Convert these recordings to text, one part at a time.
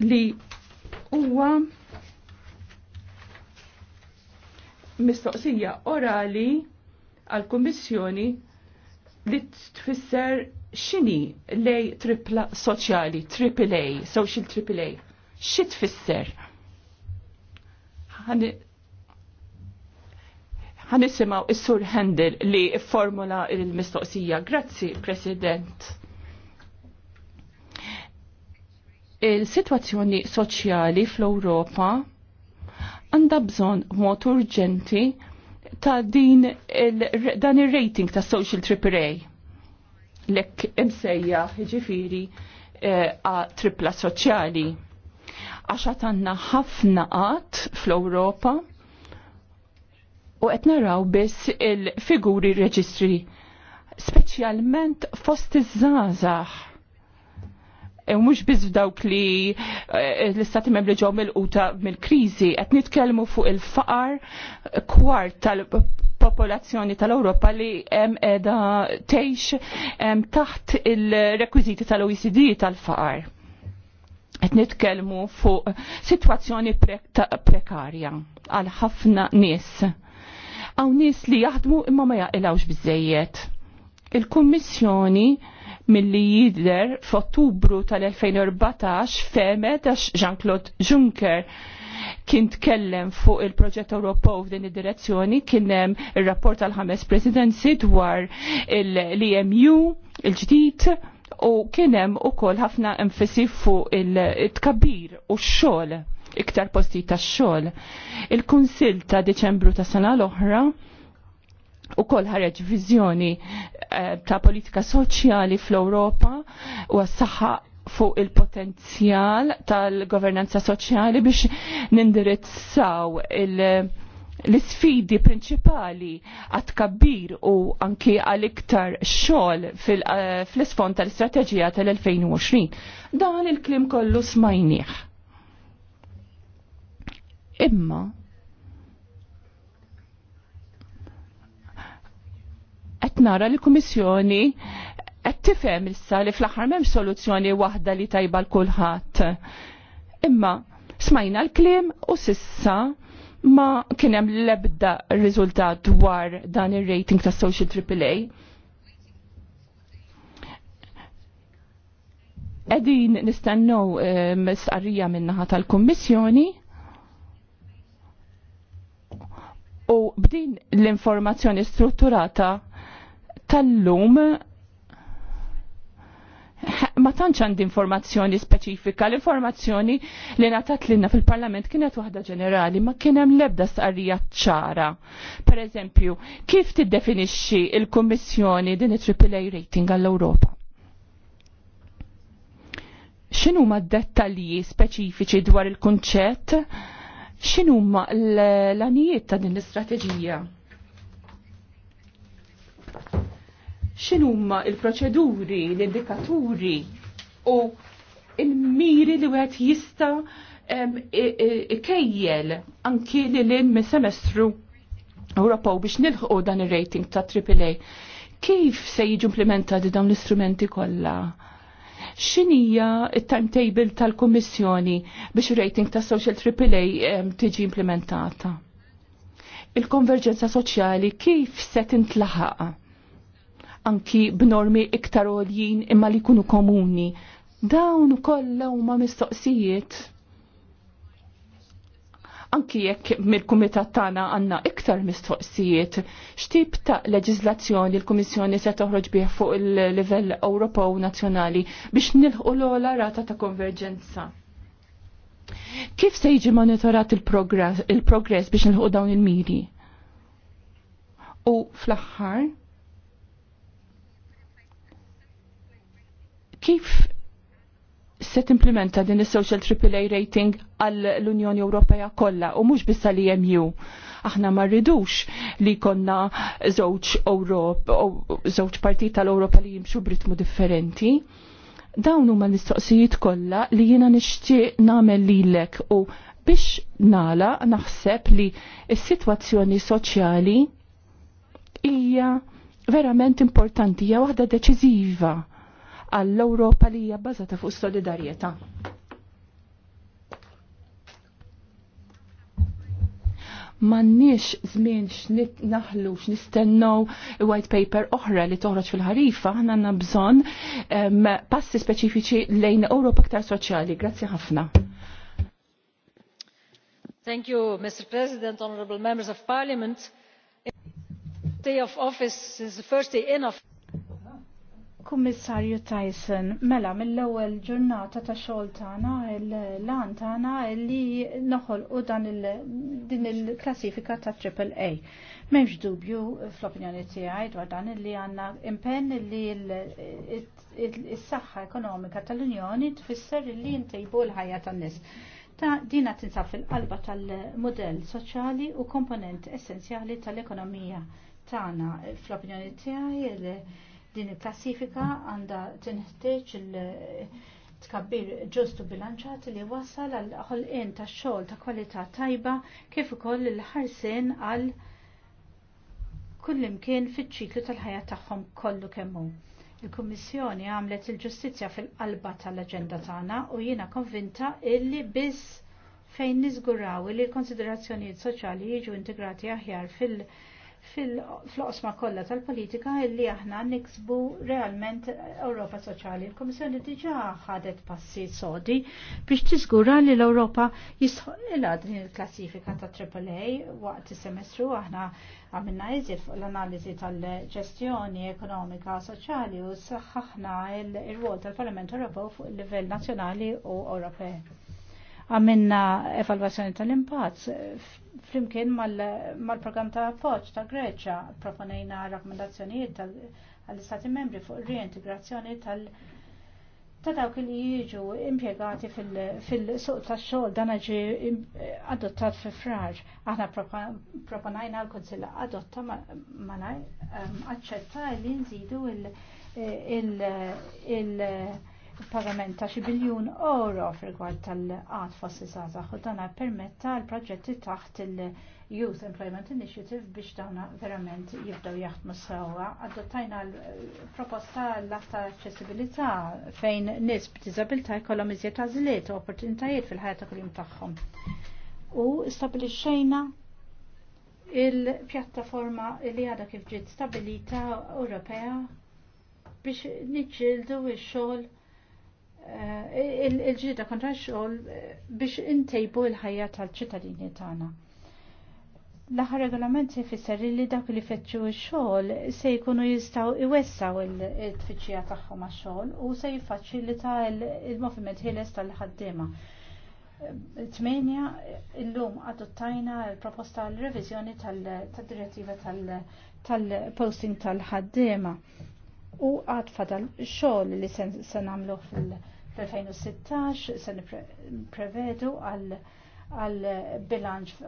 li huwa mistoqsija orali għal-Kummissjoni li tfisser xini lej tripla soċjali, triple A, social triple A. Xi tfisser? Ħanisimgħu is-sur Handel li formula il-mistoqsija. Grazzi, President. il-situazzjoni soċjali fl-Ewropa għandha bżonn mod urġenti ta' din il, dan ir-rating ta' social AAA. Lek imsejja ġifiri għa eh, tripla soċjali. Għaxa tanna ħafna qatt fl-Ewropa u qed naraw biss il-figuri reġistri speċjalment fost iż-żgħażagħ E, u mhux biss f'dawk li e, l-istati membri ġew mill mill-kriżi qed nitkellmu fuq il-faqar kwart tal-popolazzjoni tal-Ewropa li hemm qiegħda tgħix taħt il-rekwiżiti tal-OECD tal-faqar. Qed nitkellmu fuq sitwazzjoni prekarja għal ħafna nies. Hawn nies li jaħdmu imma ma jaqilawx biżejjed. Il-Kummissjoni milli jidher f'Ottubru tal-2014 femet għax Jean-Claude Juncker kien tkellem fuq il-proġett Ewropew f'din id-direzzjoni kien hemm ir-rapport tal-ħames presidenzi dwar l-EMU il-ġdid u kien hemm ukoll ħafna enfasi fuq il-tkabbir u x-xogħol iktar posti tax-xogħol. Il-Kunsill ta' Deċembru ta' sena l-oħra u koll ħareġ vizjoni eh, ta' politika soċjali fl-Europa u s fuq il-potenzjal tal-governanza soċjali biex nindirizzaw l-sfidi prinċipali għat kabbir u anki għal iktar xol eh, fl-isfond tal-istrateġija tal-2020. Dan il-klim kollu smajniħ. Imma, nara li kummissjoni qed tifhem issa li fl-aħħar m'hemm soluzzjoni waħda li tajba l kulħadd. Imma smajna l-kliem u sissa ma kien hemm l-ebda riżultat dwar dan ir-rating tas social AAA. Edin nistennew eh, mistqarrija minnaħa tal-Kummissjoni u b'din l-informazzjoni strutturata tal-lum ma tantx għandi informazzjoni speċifika. L-informazzjoni li natat lilna fil-Parlament kienet waħda ġenerali, ma kien hemm l-ebda stqarrija ċara. Per eżempju, kif tiddefinixxi il-Kummissjoni din it-AAA rating għall-Ewropa? X'inhu ma dettalji speċifiċi dwar il-kunċett? X'inhu ma l-anijiet ta' din l-istrateġija? x'inhuma il-proċeduri, l-indikaturi u il-miri li wieħed jista' ikkejjel anki li lin minn semestru u biex nilħqu dan ir-rating ta' AAA. Kif se jiġu implementati dawn l-istrumenti kollha? X'inhija t-timetable tal-Kummissjoni biex ir-rating ta' Social AAA tiġi implementata? Il-konverġenza soċjali kif se tintlaħaq? anki b'normi iktar għoljin imma li kunu komuni. Dawn u huma mistoqsijiet anki jekk mill-kumitat tagħna għandna iktar mistoqsijiet, x'tip ta' leġiżlazzjoni l-Kummissjoni se toħroġ bih fuq il-livell Ewropew nazzjonali biex nilħu l-ola rata ta' konverġenza. Kif se jiġi monitorat il-progress il biex nilħu dawn il-miri? U fl-aħħar, Kif se implementa din is-social AAA rating għall unjoni Ewropea kollha u mhux biss għal EMU. Aħna ma rridux li konna żewġ Ewropa żewġ partit tal-Ewropa li jimxu b'ritmu differenti. Dawn huma l-istoqsijiet kollha li jiena nixtieq nagħmel lilek u biex nala naħseb li s-sitwazzjoni soċjali hija verament importanti, hija waħda deċiżiva għall-Ewropa li hija bbażata fuq solidarjetà. mannix żmien x'nit naħlu x'nistennew white paper oħra li toħroġ fil-ħarifa, aħna għandna bżonn passi speċifiċi lejn Ewropa aktar soċjali. Grazzi ħafna. Thank you, Mr. President, honorable members of parliament. Day of office is the first day in office. Kummissarju Tyson, mela mill-ewwel ġurnata ta' xogħol tagħna l-lan tagħna li noħolqu dan din il-klassifika ta' AAA. M'hemmx dubju fl-opinjoni tiegħi dwar dan li għandna impenn li s-saħħa ekonomika tal-Unjoni tfisser li ntejbu l-ħajja tan-nies. Ta' dina tinsab fil-qalba tal-modell soċjali u komponent essenzjali tal-ekonomija tagħna fl-opinjoni tiegħi Din il-klassifika għandha tinħtieġ il-tkabbir ġustu bilanċat li wasal għal ħolqien ta' xogħol ta' kwalità tajba kif ukoll il-ħarsien għal kullimkien fiċ-ċiklu tal-ħajja tagħhom kollu kemm hu. Il-Kummissjoni għamlet il-ġustizzja fil-qalba tal-aġenda tagħna u jiena konvinta illi biss fejn niżguraw li l-konsiderazzjonijiet soċjali jiġu integrati aħjar fil- fil-osma kollha tal-politika illi aħna niksbu realment Ewropa Soċjali. Il-Komissjoni diġà ħadet passi sodi biex tiżgura li l-Ewropa jisħolilha din il-klassifika ta' AAA waqt is-semestru aħna għamilna iżjed fuq l-analiżi tal-ġestjoni ekonomika soċjali u saħħaħna il-rwol tal-Parlament Ewropew fuq il-livell nazzjonali u Ewropew għamilna evalwazzjoni tal-impazz eh, flimkien mal-program ta' appoġġ ta' Greċja proponejna rakkomandazzjonijiet għall-Istati membri fuq reintegrazzjoni tal- ta' dawk li jiġu impjegati fil-suq ta' xogħol dan ġi adottat fi frar. Aħna proponajna l-Kunsill adotta ma' malaj ehm, aċċetta li nżidu il- pagament ta' xi biljun euro fil-gwad tal-qat fossilizzata u dan permetta l-proġetti taħt il-Youth Employment Initiative biex dawna verament jibdew jaħdmu sewwa. Adottajna l-proposta l-att ta' aċċessibilità fejn nies b'diżabilità jkollhom iżjed għażliet u opportunitajiet fil-ħajja ta' kuljum tagħhom. U stabilixxejna il-pjattaforma li għadha kif ġiet stabilita Ewropea biex niġġildu x-xogħol Eh, il-ġida kontra xogħol eh, biex intejbu l-ħajja tal-ċittadini tagħna. L-aħħar regolament se jfisser li dak li fettxu x-xogħol se jkunu jistgħu iwessaw il-tfittxija tagħhom għax-xogħol u se jiffaċilita il-moviment ħieles tal-ħaddiema. Tmenja illum adottajna l-proposta l-reviżjoni tal-direttiva tal-posting tal-ħaddiema u għad fadal xogħol li se nagħmluh fil- Fl-2016 se prevedu għal għal bilanċ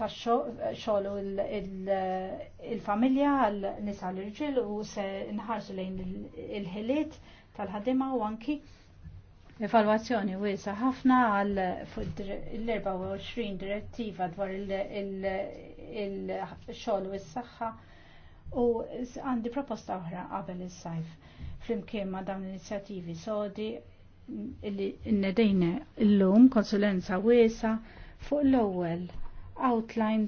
ta' xogħol il-familja għal nisa l-irġil u se nħarsu lejn il-ħiliet tal-ħadima u anki evalwazzjoni wiesa ħafna għal l-24 direttiva dwar il-xogħol u s-saħħa u għandi proposta oħra qabel is-sajf flimkien ma' dawn l-inizjattivi sodi illi innedejna illum konsulenza wiesa fuq l-ewwel outline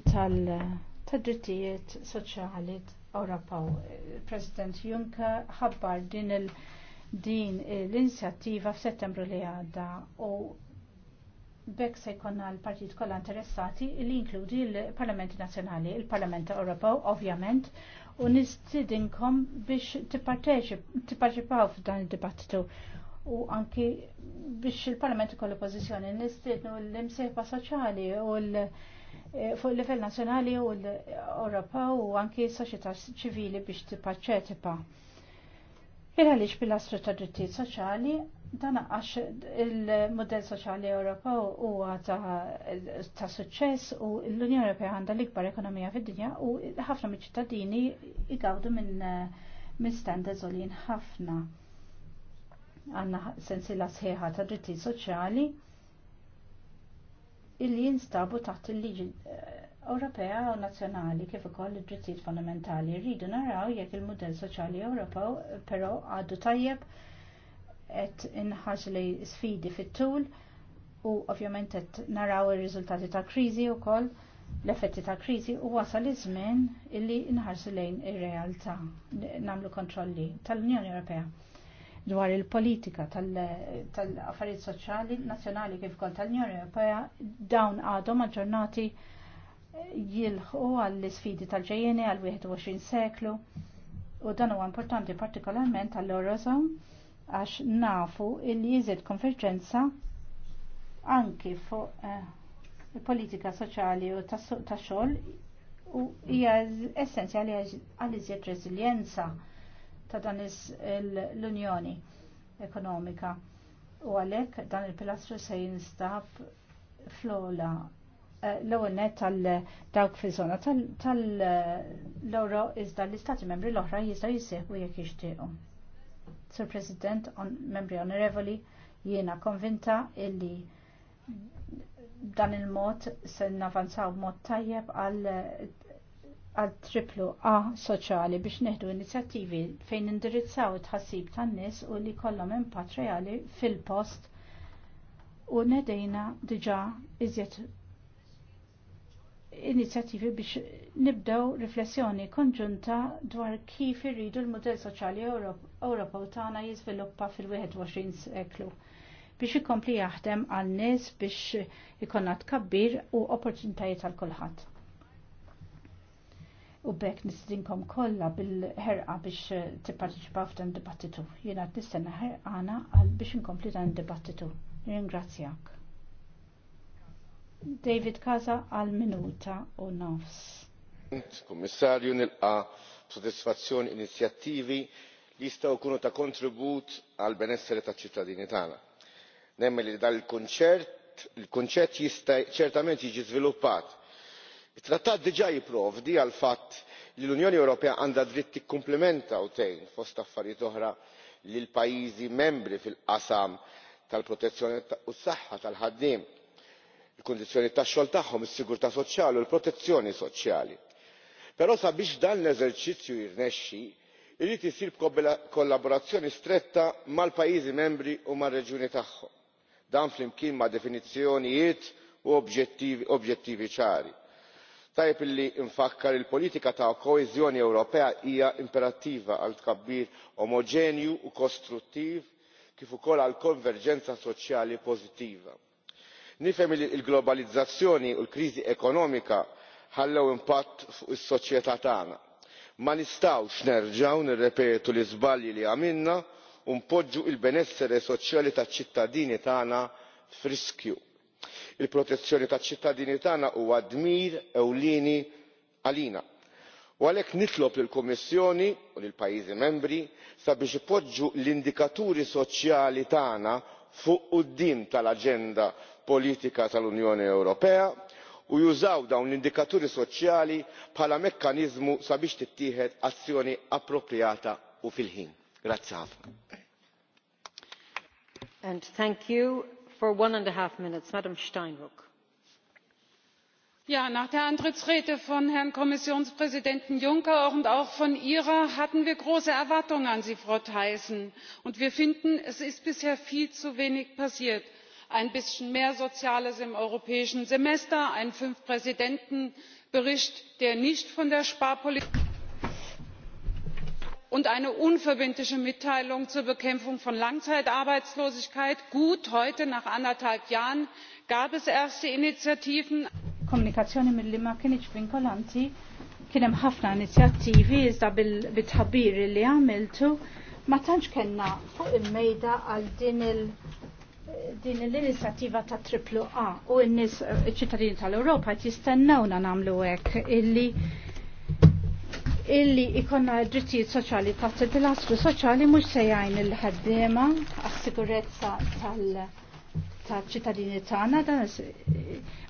tal-drittijiet soċjali Ewropew. President Juncker ħabbar din il- din l-inizjattiva f'Settembru li għadda u bekk se jkollna l-partit kollha interessati li jinkludi l-Parlamenti Nazzjonali, il-Parlament Ewropew ovvjament, u nistidinkom biex tipparteċipaw f'dan id-dibattitu u anki biex il-Parlament kollu pożizzjoni nistiednu l-imsieħba soċjali u l- e, fuq l livell nazzjonali u l-Ewropa u anki s-soċjetà ċivili biex tipparċetipa. Il-għalix bil-astru ta' drittijiet soċjali dan għax il-modell soċjali Ewropew huwa ta' suċċess u l-Unjoni Ewropea għandha l-ikbar ekonomija fid-dinja u ħafna mill-ċittadini igawdu minn minn standards ħafna għanna sensila sħiħa ta' dritti soċjali illi jinstabu taħt il-liġi eh, Ewropea u nazzjonali kif ukoll id-drittijiet fondamentali rridu naraw jekk il-mudell soċjali Ewropew però għadu tajjeb qed inħarġ li sfidi fit-tul u ovvjament qed naraw ir-riżultati ta' kriżi wkoll l-effetti ta' kriżi u wasal iż-żmien illi nħarsu lejn ir-realtà nagħmlu kontrolli tal-Unjoni Ewropea dwar il-politika tal-affarijiet tal soċjali nazzjonali kif kont tal-Unjoni Ewropea dawn għadhom aġġornati jilħu għall-isfidi tal-ġejjeni għal-21 seklu u dan huwa importanti partikolarment għall eurozon għax nafu li jiżed konverġenza anki fuq eh, il-politika soċjali u tax-xogħol u hija essenzjali għal iżjed reżiljenza ta' dan l-Unjoni Ekonomika. U għalhekk dan il-pilastru se jinstab fl-ola eh, l-ewwel tal-dawk fi żona tal-loro iżda l-istati membri l-oħra jizda jissieħbu jekk jixtiequ. Sur President, membri onorevoli, jiena konvinta illi dan il-mod se navanzaw mod tajjeb għal għal triplu A soċjali biex neħdu inizjattivi fejn indirizzaw it-ħassib tan-nies u li kollom impatt reali fil-post u nedejna diġa' iżjed inizjattivi biex nibdew riflessjoni konġunta dwar kif irridu l-modell soċjali u tagħna jiżviluppa fil-21 seklu biex ikompli jaħdem għal nies biex ikonna tkabbir u opportunitajiet għal kulħadd u bekk nistinkom kollha bil-ħerqa biex tipparteċipaw f'dan dibattitu. Jiena qed nistenna ħerqana għal biex inkompli dan dibattitu. Ringrazzjak. David Kaza għal minuta u nofs. Kommissarju, nilqa soddisfazzjoni inizjattivi li jistgħu jkunu ta' kontribut għal benessere taċ ċittadini tagħna. Nemmen li dal il il-kunċett jista' ċertament jiġi żviluppat it trattat diġà jipprovdi għal fatt li l unjoni ewropea għandha dritt tikkumplementa u tgħin fost affarijiet oħra lil pajjiżi membri fil qasam tal protezzjoni u s saħħa tal ħaddiem il-kundizzjonijiet tax-xogħol tagħhom is-sigurtà soċjali u l-protezzjoni soċjali. però sabiex dan l-eżerċizzju jirnexxi jrid isir b'kollaborazzjoni stretta mal-pajjiżi membri u mar-reġjuni tagħhom dan flimkien ma' definizzjonijiet u obiettivi ċari tajjeb illi nfakkar l politika ta' koeżjoni ewropea hija imperattiva għal tkabbir omoġenju u kostruttiv kif ukoll għal konverġenza soċjali pożittiva. nifhem li l globalizzazzjoni u l kriżi ekonomika ħallew impatt fuq is-soċjetà tagħna. ma nistgħux nerġgħu nirrepetu l-iżbalji li għamilna u npoġġu l benessere soċjali taċ ċittadini tagħna f'riskju il protezzjoni taċ ċittadini tagħna huwa dmir ewlieni għalina u għalhekk nitlob lill kummissjoni u lill pajjiżi membri sabiex ipoġġu l-indikaturi soċjali tagħna fuq quddiem tal aġenda politika tal-unjoni ewropea u jużaw dawn l-indikaturi soċjali bħala mekkaniżmu sabiex tittieħed azzjoni appropjata u fil ħin nach der antrittsrede von herrn kommissionspräsidenten juncker und auch von ihrer hatten wir große erwartungen an sie frau thyssen und wir finden es ist bisher viel zu wenig passiert ein bisschen mehr soziales im europäischen semester ein fünf präsidenten bericht der nicht von der sparpolitik und eine unverbindliche mitteilung zur bekämpfung von langzeitarbeitslosigkeit gut heute nach anderthalb jahren gab es erste initiativen. kienx vinkolanti kien hemm ħafna inizjattivi iżda tħabbir li għamiltu ma tantx kellna fuq il-mejda għal din l-inizjattiva ta' u n ċittadini tal hekk illi illi ikonna drittijiet soċali taħt il-pilastru soċali mhux se il-ħaddiema għas-sigurezza tal-ċittadini tagħna dan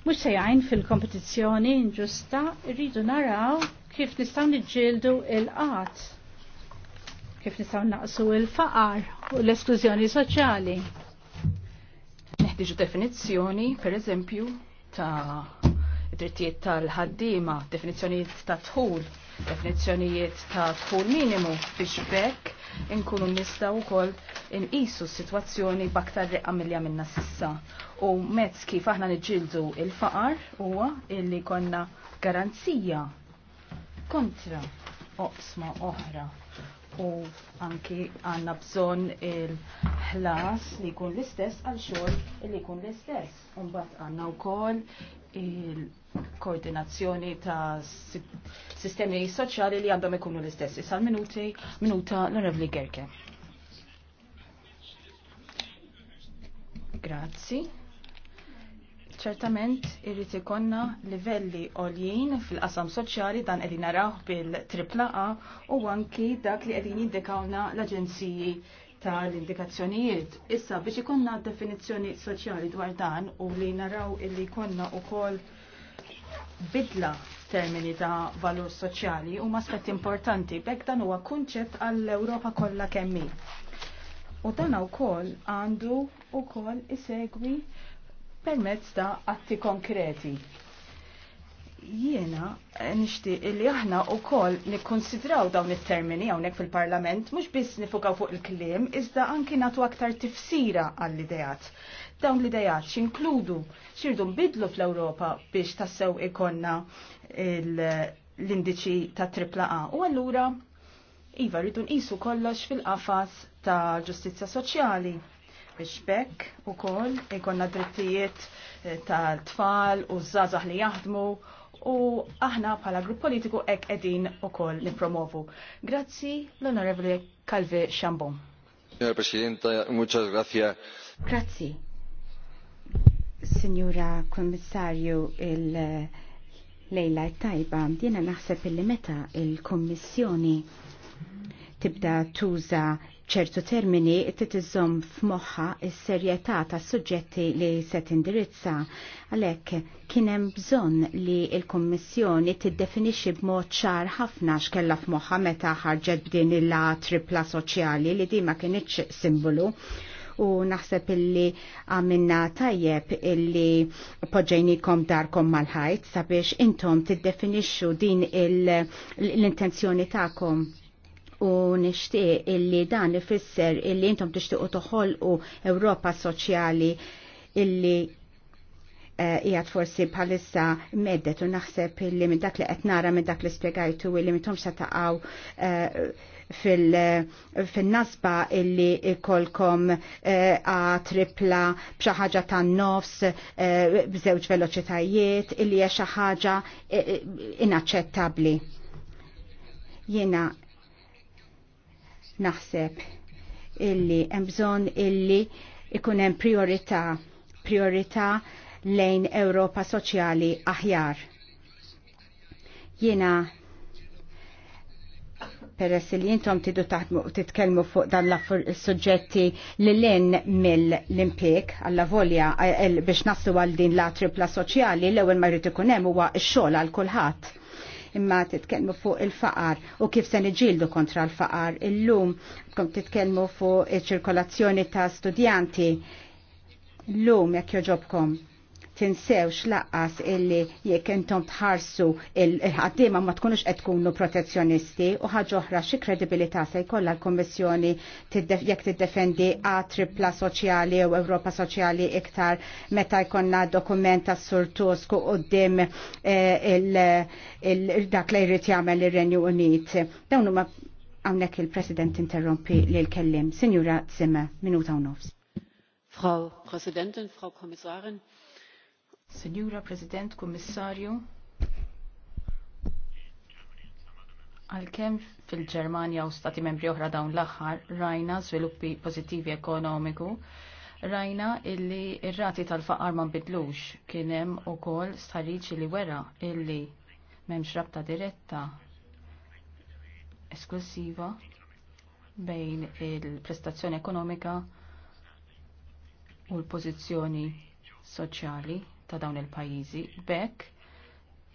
mhux se jgħin fil-kompetizzjoni inġusta rridu naraw kif nistgħu niġġieldu il-qatt kif nistgħu naqsu il-faqar u l-esklużjoni soċjali. Neħtieġu definizzjoni, pereżempju, ta' drittijiet tal-ħaddiema, definizzjonijiet ta' tħul definizzjonijiet ta' tkun minimu biex bekk inkunu nistaw ukoll inqisu s-sitwazzjoni baktar reqqa milja minna sissa. U mezz kif aħna niġġieldu il-faqar huwa illi konna garanzija kontra oqsma oħra u anki għanna bżon il-ħlas li jkun l-istess għal xogħol li jkun l-istess. Umbat għanna wkoll il- koordinazzjoni ta' sistemi soċjali li għandhom ikunu l-istessi. Sal minuti, minuta l-Onorevli Gerke. Grazzi. Ċertament irrid ikonna livelli għoljin fil-qasam soċjali dan qegħdin naraw bil-tripla A u anki dak li qegħdin jiddekawna l-aġenziji tal-indikazzjonijiet. Issa biex ikonna definizzjoni soċjali dwar dan u li naraw illi konna u kol bidla termini ta' valur soċjali huma aspetti importanti bekk dan huwa kunċett għall-Ewropa kollha kemm hi. U dan wkoll għandu wkoll isegwi permezz ta' atti konkreti jiena nishtiq li aħna u koll nikkonsidraw dawn it-termini hawnhekk fil-Parlament mhux biss nifukaw fuq il-kliem iżda anki natu aktar tifsira għall-idejat. Dawn l-idejat xinkludu xirdu nbidlu fl-Ewropa biex tassew ikonna l-indiċi ta' tripla A u allura iva rridu nqisu kollox fil-qafas ta' ġustizja soċjali biex bekk u koll ikonna drittijiet eh, tal-tfal u zazah li jaħdmu u aħna bħala grupp politiku ek edin u koll nipromovu. Grazzi l-Onorevoli Calvi Xambon. Signora Presidenta, muchas gracias. Grazzi. Signora Kommissarju, il-lejla tajba, dina naħseb il-meta il-Kommissjoni tibda tuża ċertu termini titizzom f'moħħa is-serjetà ta' suġġetti li se tindirizza. Għalhekk kien hemm bżonn li l-Kummissjoni tiddefinixxi b'mod ċar ħafna x'kellha f'moħħa meta ħarġet b'din il-la tripla soċjali li di ma kienitx simbolu u naħseb illi għamilna tajjeb illi poġġejnikom darkom mal-ħajt sabiex intom tiddefinixxu din l-intenzjoni tagħkom u nixtieq illi dan ifisser illi intom tixtiequ toħolqu Ewropa soċjali illi eh, jgħat forsi bħalissa meddet u naħseb illi minn dak li qed nara minn dak li spjegajtu illi minnhom se taqgħu eh, fil-nasba illi ikolkom eh, a tripla b'xi ħaġa tan-nofs b'żewġ veloċitajiet illi hija xi ħaġa inaċċettabbli. Jiena Naħseb illi hemm bżonn illi ikun hemm priorità priorità lejn Ewropa soċjali aħjar. Jiena peress li jintom tidu taħdmu u titkelmu fuq dan l suġġetti li l-in mill limpik għalla volja eh, eh, biex naslu għal din la tripla soċjali l-ewel ma jrid ikun hemm huwa x-xogħol għal kulħadd imma titkellmu fuq il-faqar u kif se niġildu kontra l-faqar illum kont titkellmu fuq iċ-ċirkolazzjoni ta' studjanti l-lum jekk joġobkom tinsewx laqqas illi jekk intom tħarsu il-ħaddiema ma tkunux qed tkunu protezzjonisti u ħaġa oħra xi kredibilità se jkollha l-Kummissjoni jekk tiddefendi A tripla soċjali u Ewropa soċjali iktar meta jkollna dokument tas Sur Tusk qudiem eh, dak li jrid jagħmel ir-Renju Unit. Dawn huma hawnhekk il-President interrompi l kellim. Sinjura Zimmer, minuta u nofs. Frau Präsidentin, Frau Kommissarin, Signora President, Kummissarju, għalkemm fil-Ġermanja u stati membri oħra dawn l-aħħar rajna żviluppi pozittivi ekonomiku, rajna illi ir-rati tal-faqar ma nbidlux kien hemm ukoll stħarriġ li wera illi m'hemmx rabta diretta esklusiva bejn il-prestazzjoni ekonomika u l-pożizzjoni soċjali ta' dawn il-pajjiżi. Bekk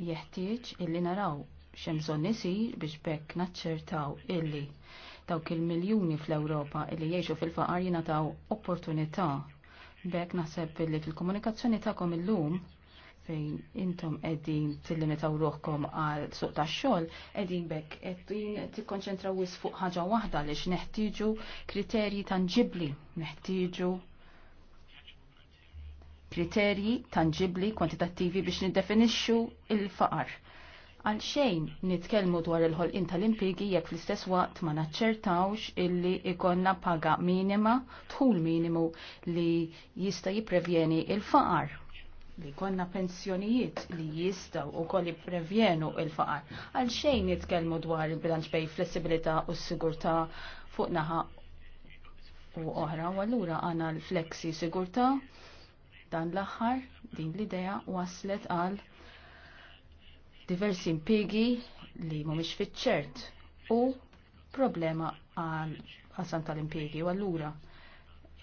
jeħtieġ illi naraw x'hemm bżonn isir biex bekk naċċertaw illi dawk il-miljuni fl-Ewropa illi jgħixu fil-faqar taw opportunità. Bekk naħseb illi fil-komunikazzjoni tagħkom illum fejn intom qegħdin tillimitaw ruħkom għal suq tax-xogħol, qegħdin bekk qegħdin tikkonċentraw wis fuq ħaġa waħda li neħtieġu kriterji tangibli neħtieġu kriterji tangibli, kwantitattivi biex niddefinixxu il-faqar. Għal xejn nitkellmu dwar il-ħolqin tal impigi jekk fl-istess waqt ma naċċertawx illi ikonna paga minima, tħul minimu li jista' jipprevjeni il-faqar li konna pensjonijiet li jistaw u koll jipprevjenu il-faqar. Għal xejn nitkellmu dwar il-bilanċ bej flessibilità u s-sigurtà fuq naħa u oħra, u allura għana l-flexi sigurtà Dan l-aħħar din l-idea waslet għal diversi impigi li mhumiex fiċ-ċert u problema għal ħasan tal impigi u allura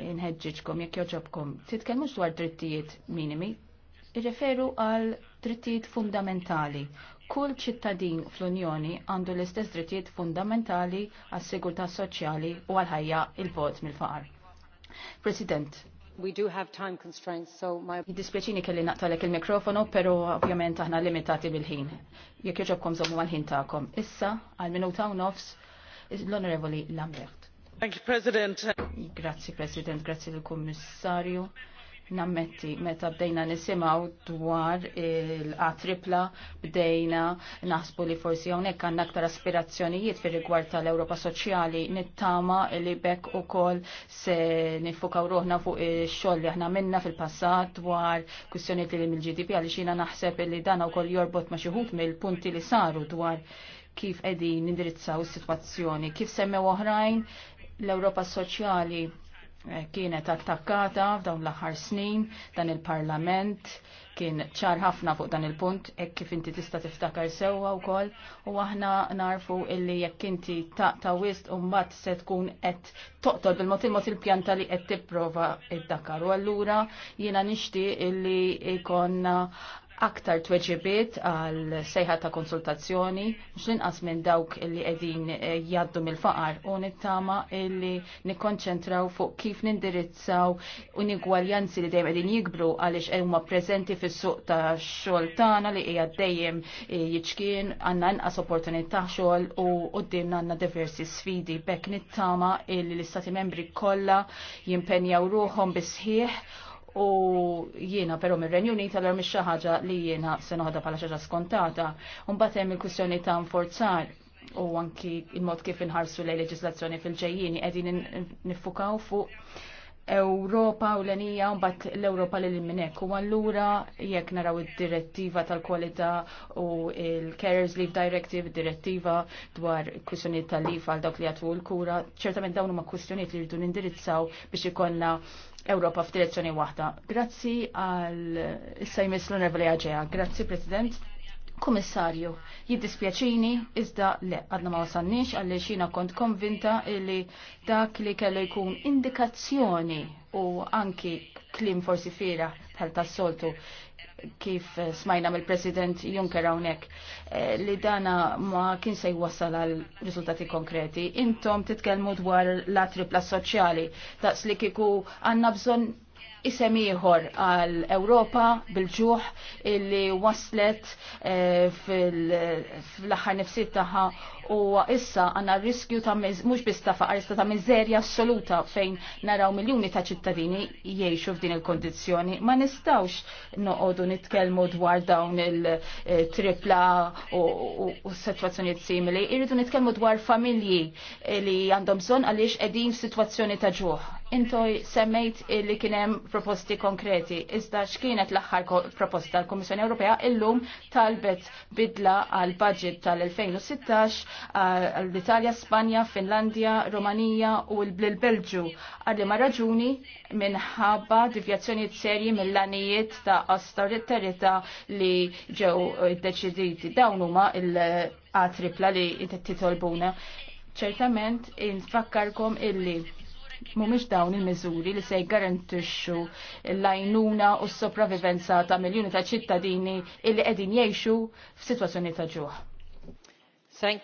inħedġiġkom jekk joġobkom. Titkellmux dwar drittijiet minimi, irreferu għal drittijiet fundamentali. Kull ċittadin fl-Unjoni għandu l-istess drittijiet fundamentali għas sigurtà soċjali u għal ħajja il-vot mill-faqar. President, we do have time constraints, so my... Dispieċini kelli naqtalek il-mikrofono, pero ovvjament aħna limitati bil-ħin. Jek joġobkom zommu għal-ħin ta'kom. Issa, għal-minuta u nofs, l-Onorevoli Lambert. Thank you, President. Grazie, President. Grazie, l kommissarju nammetti meta bdejna nisimaw dwar il-A-tripla bdejna nasbu li forsi hawnhekk għandna aktar aspirazzjonijiet fir rigward tal-Ewropa Soċjali nittama li bekk ukoll se nifukaw ruħna fuq ix-xogħol li aħna minna fil-passat dwar kwistjonijiet li mill-GDP għaliex jiena naħseb li dan ukoll jorbot ma' xi mill-punti li saru dwar kif qegħdin nindirizzaw is-sitwazzjoni, kif semmew oħrajn l-Ewropa Soċjali Eh, kienet attakkata f'dawn l-aħħar snin dan il-Parlament kien ċar ħafna fuq dan il-punt hekk kif inti tista' tiftakar sewwa wkoll u aħna narfu illi jekk inti taqta' wisq u mbagħad se tkun qed toqtol bil-mod il-mod il-pjanta li qed tipprova id-dakar. U allura jiena nixtieq illi jkollna aktar tweġibiet għal sejħa ta' konsultazzjoni, mux linqas minn dawk li edin eh, jaddu mill-faqar u nittama illi nikkonċentraw fuq kif nindirizzaw unigwaljanzi li dejjem edin jikbru għalix huma prezenti fis-suq ta' xogħol tagħna li hija dejjem eh, jiċkien għandna inqas opportunità xogħol u qudiemna għandna diversi sfidi bekk nittama illi l-istati membri kollha jimpenjaw ruħom bisħiħ u jiena però mir-Renju tal-ar mhix xi ħaġa li jiena se noħodha bħala xi skontata. U mbagħad hemm il-kwistjoni ta' nforzar u anki il-mod kif inħarsu lej leġislazzjoni fil-ġejjini qegħdin niffukaw fuq Ewropa u l-enija mbagħad l-Ewropa lil minnek. U allura jekk naraw id-direttiva tal-kwalità u l-Carers Leave Directive, direttiva dwar kwistjonijiet tal lifa għal dawk li jagħtu l-kura, ċertament dawn huma kwistjonijiet li rridu nindirizzaw biex ikollna Ewropa f'direzzjoni waħda. Grazzi għal sajmis l-onorevoli għagġeja. Grazzi, President. Komissarju, jiddispjaċini, iżda le, għadna ma wasannix għalli xina kont konvinta li dak li kellu jkun indikazzjoni u anki klim forsi fira tal tassoltu kif smajna mill-President Juncker hawnhekk eh, li dana ma kien se jwassal għal riżultati konkreti. Intom titkellmu dwar l-atri soċjali taqs li kiku għandna bżonn isem ieħor għal Ewropa bil-ġuħ illi waslet eh, fil-aħħar nifsit tagħha u issa għanna riskju ta' mux biss ta' faqar, ta' mizerja assoluta fejn naraw miljoni ta' ċittadini jiexu f'din il-kondizjoni. Ma nistawx noqodu nitkelmu dwar dawn il-tripla u situazzjoni simili, irridu nitkelmu dwar familji li għandhom zon għaliex edin situazzjoni ta' ġuħ. Intoj semmejt li kienem proposti konkreti, iżda x'kienet l-aħħar proposta tal komissjoni Ewropea illum talbet bidla għal budget tal-2016 l-Italja, Spanja, Finlandja, Romanija u l-Belġu. Għalli ma raġuni minħabba divjazzjoni serji mill-lanijiet ta' austerita li ġew eh, deċiditi. Dawn huma il-A li titolbuna. Ċertament, infakkarkom illi mumiex dawn il-mizuri li se jgarantixxu l lajnuna u s-sopravivenza ta' miljoni ta' ċittadini illi qegħdin jgħixu f'sitwazzjoni ta' ġuħ. Euh,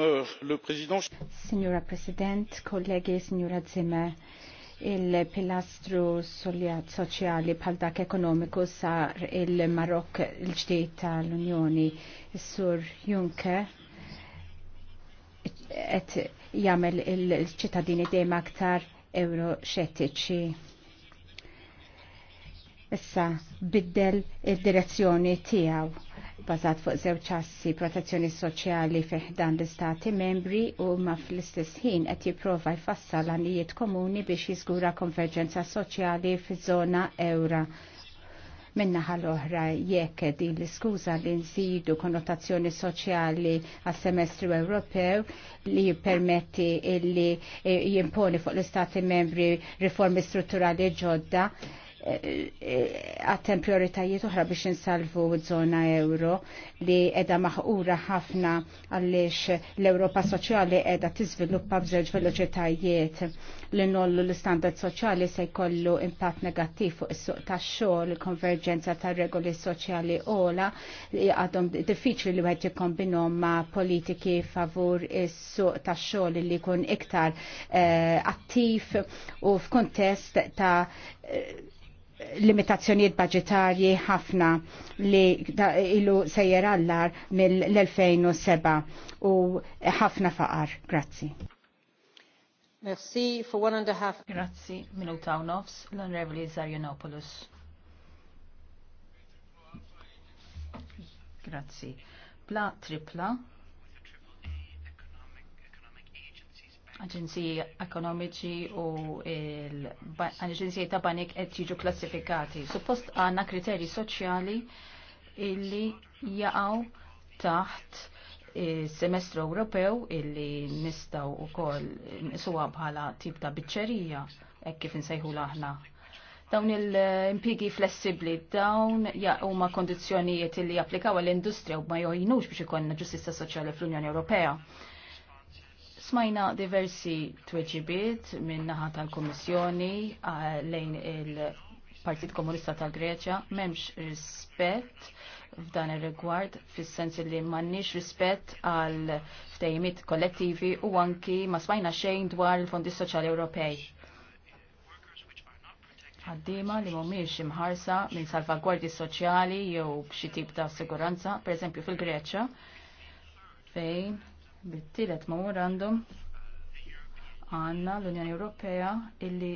euh, signora President, kollegi, signora Zimmer, il-pilastru soċjali bħal dak ekonomiku sar il marokk il ġdid tal-Unjoni, sur Juncker, qed jagħmel il-ċittadini dejjem aktar euroxettiċi issa biddel id-direzzjoni tiegħu bazat fuq żewġ protezzjoni soċjali fiħdan l-istati membri u ma fl-istess ħin qed jipprova jfassal għanijiet komuni biex jiżgura konverġenza soċjali fiż-żona ewra. Minnaħa l-oħra jekk din l-iskuża li nżidu konnotazzjoni soċjali għas semestru Ewropew li jippermetti li jimponi fuq l-istati membri riformi strutturali ġodda għattem prioritajiet uħra biex insalvu zona euro li edha maħqura ħafna għalliex l-Europa soċjali edha tiżviluppa bżewġ veloċitajiet li nollu l-standard soċjali se jkollu impatt negattiv fuq is-suq tax-xogħol, konverġenza ta' regoli soċjali ola li għadhom diffiċli li wieħed jikkombinhom ma' politiki favur is-suq tax-xogħol li jkun iktar eh, attiv u f'kuntest ta' limitazzjonijiet budgetarji ħafna li ilu sejjer allar mill-2007 u ħafna faqar. Grazzi. Merci for one and a half. Grazzi, minuta u nofs, l-Onorevoli Zarjanopoulos. Grazzi. Bla tripla, aġenziji ekonomiċi u l-aġenziji ta' banik qed jiġu klassifikati. Suppost għandna kriterji soċjali illi jaqgħu taħt semestru Ewropew illi nistaw u koll bħala tip ta' biċċerija, hekk kif insejħu aħna. Dawn il-impigi flessibli, dawn huma kondizzjonijiet illi japplikaw għall-industrija u ma joħinux biex ikonna ġustizza soċjali fl-Unjoni Ewropea Smajna diversi tweġibiet minn naħa tal-Komissjoni lejn il-Partit Komunista tal-Greċja memx rispett f'dan ir-rigward fis-sens li m'għandniex rispett għal ftejmiet kollettivi u anki ma smajna xejn dwar il-Fondi Soċjali Ewropej. Għaddima li mhumiex imħarsa minn salvagwardji soċjali jew b'xi tip ta' siguranza, pereżempju fil-Greċja, fejn bit-tielet memorandum għandna l-Unjoni Ewropea illi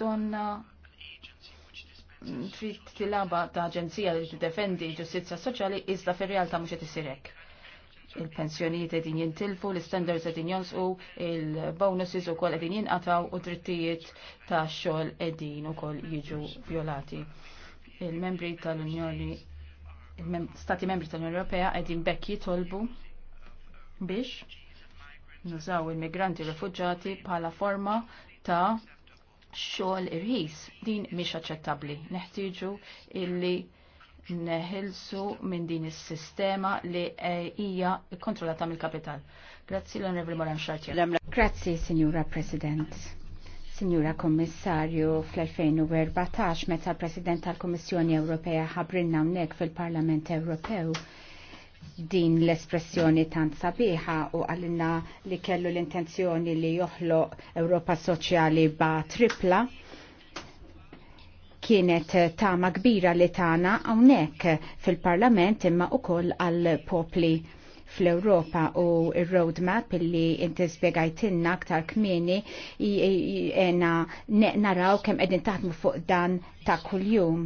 donna trid tilaba ta' aġenzija li tiddefendi ġustizzja soċjali iżda fir-realtà mhux qed isirek. Il-pensjonijiet qegħdin jintilfu, l-standards qegħdin jonsqu, il-bonuses ukoll qegħdin jinqataw u drittijiet ta' xogħol qegħdin ukoll jiġu violati. Il-membri tal-Unjoni il-Stati membri tal unjoni stati membri tal unjoni Ewropea qegħdin bekk jitolbu biex nużaw il-migranti refugġati bħala forma ta' xogħol irħis. Din mhix aċċettabbli. Neħtieġu illi neħilsu minn din is-sistema li hija e kontrollata mill-kapital. Grazzi l-Onorevoli Moran Xartier. Grazzi, Signora President. Signora Kommissarju, fl-2014 meta l-President tal-Kommissjoni Ewropea ħabrinna hawnhekk fil-Parlament Ewropew din l-espressjoni tant sabiħa u għalina li kellu l-intenzjoni li joħloq Ewropa Soċjali ba tripla kienet tama kbira li tana għonek fil-parlament imma u koll għal-popli fl-Europa u il-roadmap li inti spiegajtinna aktar kmini jena naraw kem edin taħdmu fuq dan ta' kuljum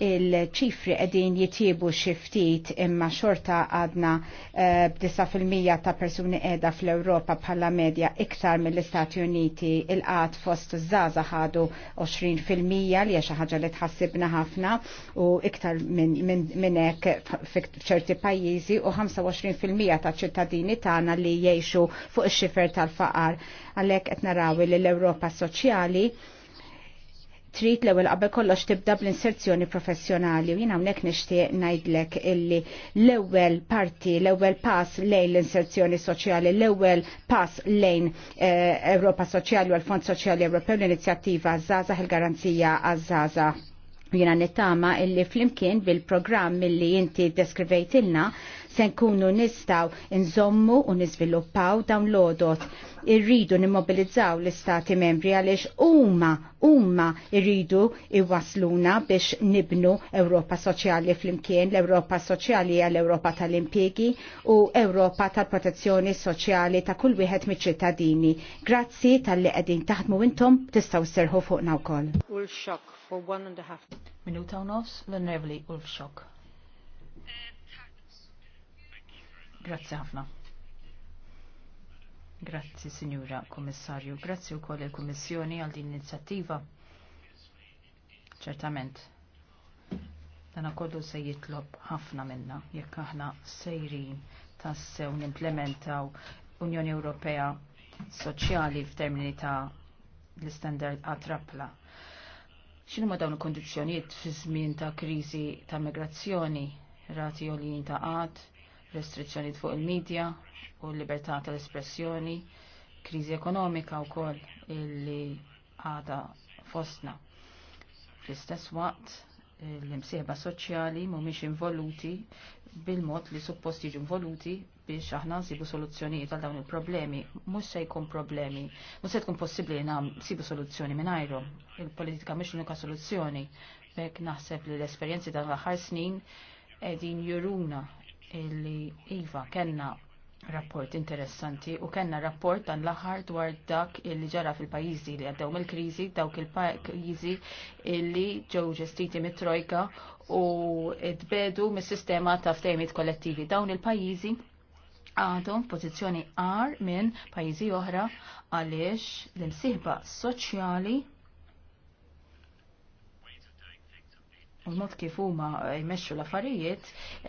il-ċifri edin jitjibu xiftit imma xorta għadna eh, b-9% ta' persuni edha fl-Europa bħala medja iktar mill-Istati Uniti il qad fost zaza ħadu 20% li ħaġa li tħassibna ħafna u iktar minn hekk f'ċerti pajjiżi u 25% ta' ċittadini tagħna li jgħixu fuq ix-xifer tal-faqar. Għalhekk qed naraw l-Ewropa Soċjali trid l-ewwel qabel kollox tibda bl-inserzjoni professjonali u jien hawnhekk nixtieq ngħidlek illi l-ewwel parti, l-ewwel pass lejn l-inserzjoni soċjali, l-ewwel pass lejn eh, Ewropa Soċjali u l-Fond Soċjali Ewropew l-inizjattiva żgħażagħ il-Garanzija għaż-żgħażagħ jiena nittama illi flimkien bil-programm illi inti deskrivejtilna se nkunu nistaw nżommu u niżviluppaw dawn l-odot. Irridu nimmobilizzaw l-istati membri għaliex huma umma irridu iwasluna biex nibnu Ewropa Soċjali flimkien, l-Ewropa Soċjali għall ewropa tal impiegi u Ewropa tal-protezzjoni soċjali ta' kull wieħed miċ-ċittadini. Grazzi tal-li qegħdin taħdmu intom tistgħu serħu fuqna wkoll. Ulf Shock for one and a half. Minuta u nofs, l-Nervli Ulf Shock. Grazzi ħafna. Grazzi, Signora Kommissarju. Grazzi ukoll il kummissjoni għal din l-inizjattiva. Ċertament. Dan kollu se jitlob ħafna minna, jekk aħna sejrin tassew nimplementaw Unjoni Ewropea soċjali f'termini ta' l-standard għatrapla. ċinu ma dawn il-kondizjoniet fi żmien ta' krizi ta' migrazzjoni, rati olin ta' għad, restrizzjonijiet fuq il-medja u l-libertà tal-espressjoni, kriżi ekonomika wkoll illi għada fostna. Fl-istess waqt l-imsieħba soċjali mhumiex involuti bil-mod li suppost jiġu involuti biex aħna nsibu soluzzjonijiet għal dawn il-problemi. Mhux se jkun problemi, mhux se tkun possibbli jena nsibu soluzzjoni mingħajrhom. Il-politika mhix l-unika soluzzjoni. Bek naħseb li l-esperjenzi dan l-aħħar snin qegħdin juruna illi Iva kenna rapport interessanti u kenna rapport dan l-aħħar dwar dak illi ġara fil-pajjiżi li għaddew mill-kriżi, dawk il-pajjiżi illi ġew ġestiti mit-trojka u tbedu mis-sistema ta' ftehimiet kollettivi. Dawn il-pajjiżi għadhom pożizzjoni għar minn pajjiżi oħra għaliex l-imsieħba soċjali u mod kif huma jmexxu l-affarijiet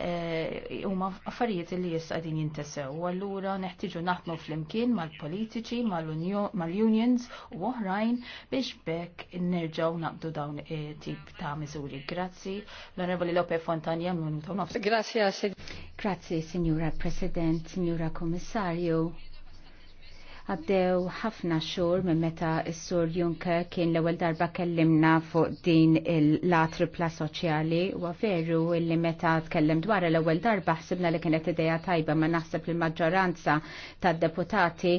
eh, huma affarijiet li jista' qegħdin jintesew. U allura neħtieġu naħdmu flimkien mal-politiċi, mal-unions u oħrajn biex bekk nerġgħu naqdu dawn eh, tip ta' miżuri. Grazzi l-Onorevoli Lope Fontanja minn Grazzi Grazzi, Signora President, Signora Kommissarju. Għaddew ħafna xhur minn meta s-sur Juncker kien l-ewwel darba kellimna fuq din il-latripla soċjali u veru illi meta tkellem dwar l-ewwel darba ħsibna li kienet idea tajba ma naħseb li maġġoranza tad-deputati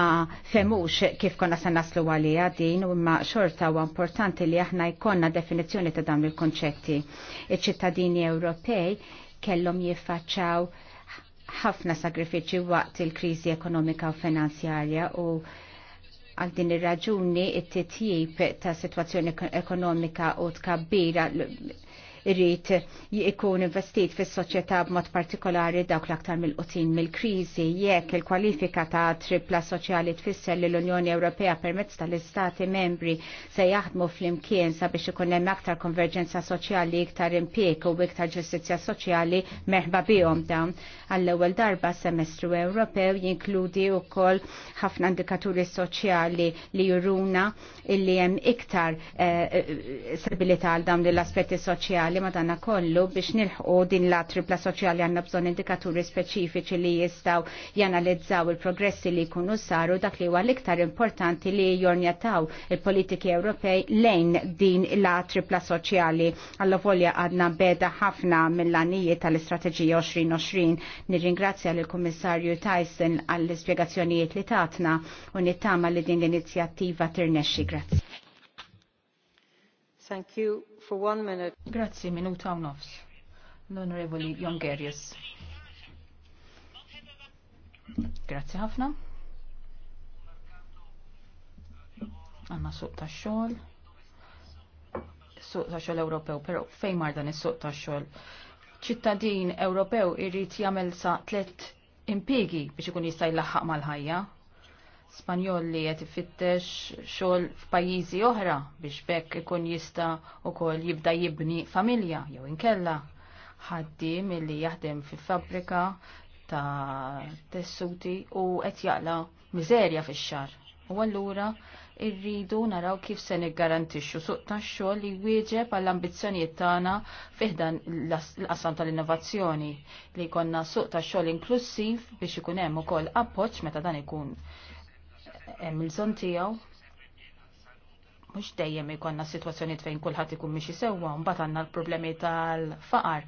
ma femux kif konna se naslu għalija din u ma xorta u importanti li aħna jkonna definizjoni ta' dawn il-konċetti. Iċ-ċittadini Ewropej kellhom jiffaċċaw ħafna sagrifiċi waqt il-kriżi ekonomika u finanzjarja u għal din ir-raġuni it-titjib ta' situazzjoni ekonomika u tkabbira irrit jikun investit fis soċjetà b'mod partikolari dawk l-aktar mill-qutin mill-kriżi jekk il-kwalifika ta' tripla soċjali tfisser li l-Unjoni Ewropea permezz tal-Istati membri se jaħdmu fl-imkien sabiex ikun hemm aktar konverġenza soċjali iktar impjeg u iktar ġustizzja soċjali merħba bihom dawn. Għall-ewwel darba semestru Ewropew jinkludi wkoll ħafna indikaturi soċjali li juruna illi hemm iktar eh, eh, eh, stabilità għal dawn l-aspetti soċjali soċjali madanna kollu biex nilħu din la tripla soċjali għanna bżon indikaturi speċifiċi li jistaw janalizzaw il-progressi li jkunu saru dak li huwa l-iktar importanti li jornjataw il-politiki Ewropej lejn din la tripla soċjali. Għallu volja għadna beda ħafna mill għanijiet tal-Istrateġija 2020. Nirringrazzja l-Kummissarju Tyson għall-ispjegazzjonijiet li tatna u nittama li din l-inizjattiva tirnexxi. Grazzi. Thank you for one minute. Grazzi, minuta u nofs. L-Onorevoli Jongerius. Grazzi ħafna. Għanna suq ta' xol. Suq ta' xol Ewropew, pero fej mar dan is-suq ta' xol. ċittadin Ewropew irrit jagħmel sa' tlet impigi biex ikun jista' laħħaq mal-ħajja Spanjol li qed ifittex xogħol f'pajjiżi oħra biex bekk ikun jista' wkoll jibda jibni familja jew inkella ħaddiem milli jaħdem fi fabbrika ta' tessuti u qed jaqla miżerja fix-xar. U allura irridu naraw kif se niggarantixxu suq tax-xogħol li jwieġeb għall ambizzjonijiet tagħna fiħdan l-qasam tal-innovazzjoni li jkollna suq tax-xogħol inklusiv biex ikun hemm ukoll appoġġ meta dan ikun hemm il-żon tiegħu mhux dejjem ikollna sitwazzjoni fejn kulħadd ikun mixi sewwa mbagħad għandna l-problemi tal-faqar.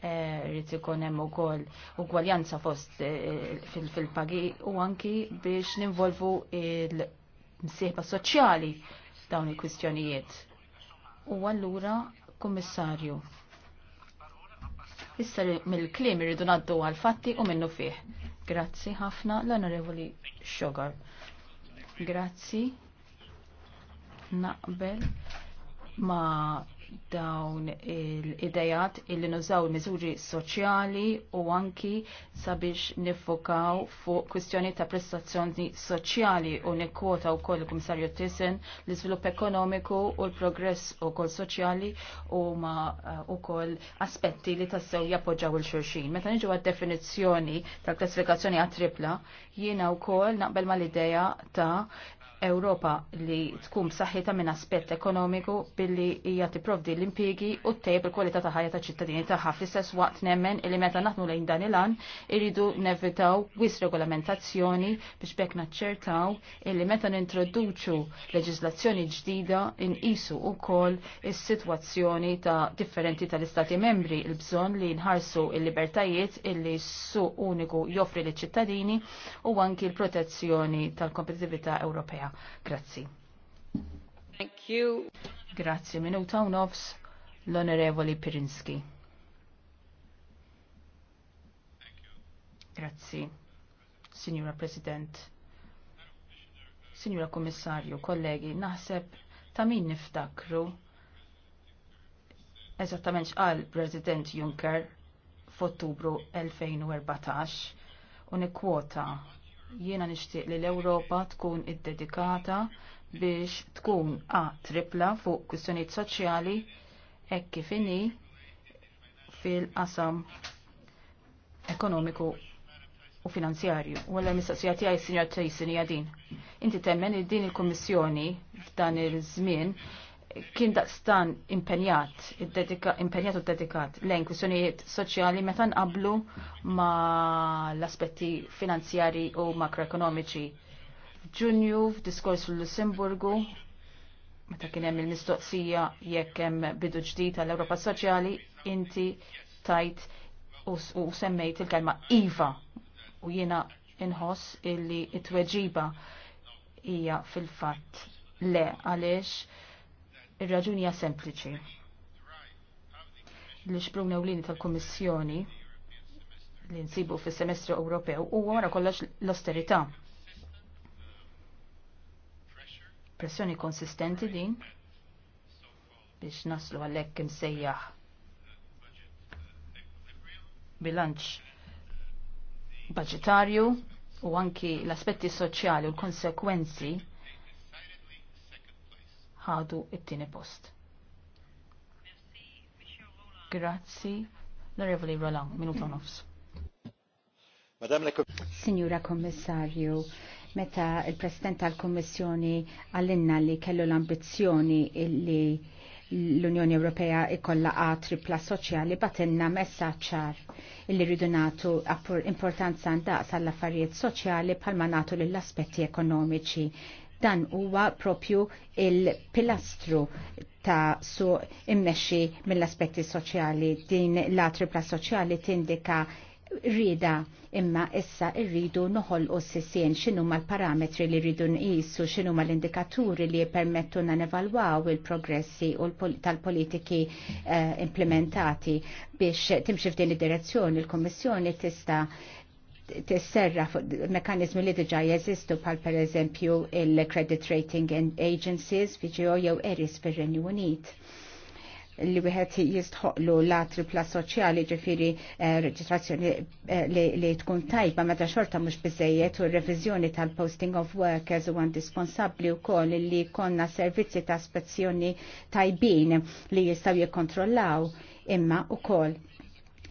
Eh, Rrid ikun hemm ukoll ugwaljanza fost eh, fil-pagi u anki biex ninvolvu il-msieħba soċjali dawn il-kwistjonijiet. U allura, kummissarju, issa mill-klim irridu naddu għal-fatti u minnu fih. Grazzi ħafna l-Onorevoli Xogar. Grazzi. Naqbel ma' dawn il-idejat illi nużaw il miżuri soċjali u anki sabiex nifokaw fuq kwistjoni ta' prestazzjoni soċjali u nikkota u koll kumissarju Tisen l-izvilupp ekonomiku u l-progress u koll soċjali u ma u uh, koll aspetti li tassew jappoġaw il-xurxin. Meta nġu għad definizjoni tal klassifikazzjoni għat tripla, jiena u koll naqbel ma l-ideja ta' Ewropa li tkun saħħita minn aspett ekonomiku billi hija tipprovdi l-impjiegi u tejb il-kwalità ta' ħajja taċ-ċittadini tagħha fl-istess waqt nemmen li meta naħdmu lejn dan il-an iridu nevitaw wis regolamentazzjoni biex bekk naċċertaw illi meta nintroduċu leġislazzjoni ġdida inqisu wkoll is-sitwazzjoni ta' differenti tal-Istati membri il bżonn li nħarsu il-libertajiet illi s-suq uniku joffri l-ċittadini u anki l-protezzjoni tal-kompetitività Ewropea. Grazzi. Thank you. Grazzi. Minuta u nofs l-Onorevoli Pirinski. Grazzi, Signora President, Signora Kommissarju, kollegi, naħseb ta' min niftakru eżattament għal President Juncker f'Ottubru 2014 u nikkwota Jiena nixtieq li l-Ewropa tkun id-dedikata biex tkun A tripla fuq kwistjonijiet soċjali hekk kif inhi fil-qasam ekonomiku u finanzjarju. U għalla mistaqsija tiegħi sinjor Tejsin hija din. Inti temmen id din il-Kummissjoni f'dan il-żmien kien daqstan impenjat, impenjat u dedikat lejn kwistjonijiet soċjali meta nqablu ma l-aspetti finanzjari u makroekonomiċi. Ġunju f'diskors l lussemburgu meta kien hemm il-mistoqsija jekk hemm bidu ġdid għall europa Soċjali, inti tajt u semmejt il-kelma IVA u jiena inħoss illi it-tweġiba hija fil-fatt le għaliex Ir-raġuni hija sempliċi. L-xpruna lini tal-Kummissjoni li nsibu fis-semestru Ewropew huwa wara kollox l-austerità. Pressjoni konsistenti din biex naslu għalhekk imsejjaħ bilanċ budgetarju u anki l-aspetti soċjali u l-konsekwenzi ħadu it-tieni post. Grazzi, l revoli Roland, minuta nofs. Signora Kommissarju, meta il-President tal-Kommissjoni għallinna li kellu l-ambizjoni li l-Unjoni Ewropea ikolla għatri plas soċjali batenna messaċċar illi rridu natu importanza għandaqs għall affarijiet soċjali bħalma natu l-aspetti ekonomiċi. Dan huwa propju il-pilastru ta' su immexi mill-aspetti soċjali din l-atripla soċjali tindika rida imma issa irridu noħol u s-sissien xinu ma l-parametri li rridu nqisu xinu ma l-indikaturi li permettu na nevalwaw il-progressi u tal-politiki uh, implementati biex timxi f'din id-direzzjoni il-Kommissjoni tista' tisserra fuq mekanizmi li diġa jeżistu bħal per eżempju il-Credit Rating Agencies, VGO jew Eris fir renju Unit li wieħed jistħoqlu l-atri soċjali ġifiri eh, reġistrazzjoni eh, li tkun tajba meta xorta mhux biżejjed u r-reviżjoni tal-posting of workers u għan disponsabbli wkoll li konna servizzi ta' spezzjoni tajbin li jistgħu jikkontrollaw imma ukoll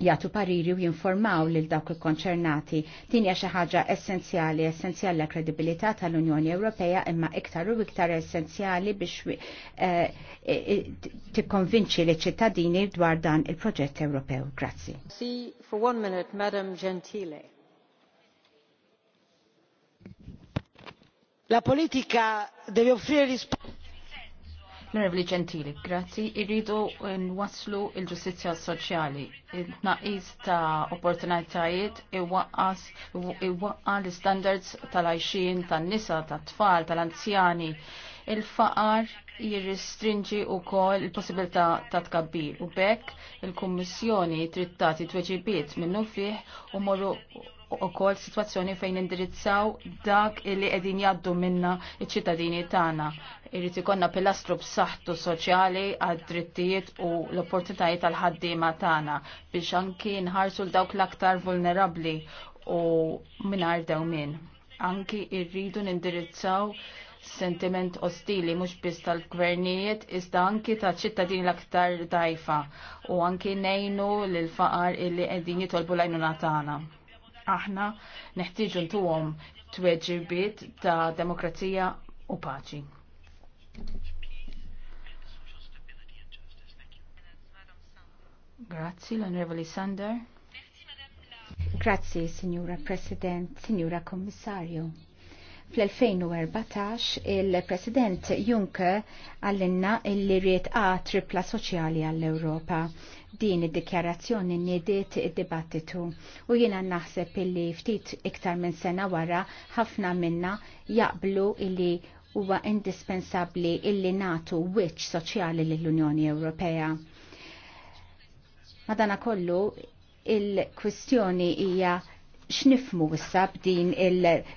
jagħtu pariri u jinformaw lil dawk il-konċernati. Din hija xi ħaġa essenzjali, essenzjali għal kredibilità tal-Unjoni Ewropea imma iktar u iktar essenzjali biex eh, tikkonvinċi li ċittadini dwar dan il-proġett Ewropew. Grazzi. for one minute, Madam Gentile. La politica deve offrire risposte Nervli Ġentili, grazzi, irridu n-waslu il-ġustizja soċjali. naqis ta' opportunitajiet iwaqqas iwaqqa l-standards tal-għajxin, tan-nisa, tat-tfal, tal-anzjani. Il-faqar jirristringi u kol il-possibilità ta' tkabbir. U bekk il-Kummissjoni trittati tweġibiet minnu fih u morru kol situazzjoni fejn indirizzaw dak illi qegħdin jgħaddu minna il ċittadini tagħna. Irrit ikonna pilastru b'saħħtu soċjali għad-drittijiet u l-opportunitajiet għal ħaddiema tagħna biex anki nħarsu l dawk l-aktar vulnerabbli u mingħajr minn. Anki irridu nindirizzaw sentiment ostili mhux biss tal-gvernijiet iżda anki ta' ċittadini l-aktar dajfa u anki nejnu l-faqar illi qegħdin jitolbu l-għajnuna tagħna. Aħna neħtieġu ntuhom tweġibiet ta' demokrazija u paċi. Grazzi, l-Onorevoli Sander. Grazzi, Signora President, Signora Commissario. Fl-2014 il-President Juncker għallinna illi riet A tripla soċjali għall-Europa. Din id-dikjarazzjoni nidiet id-dibattitu u jiena naħseb illi ftit iktar minn sena wara ħafna minna jaqblu illi huwa indispensabbli illi natu wiċċ soċjali lill-Unjoni Ewropea. Madana kollu il-kwistjoni hija x'nifmu issa b'din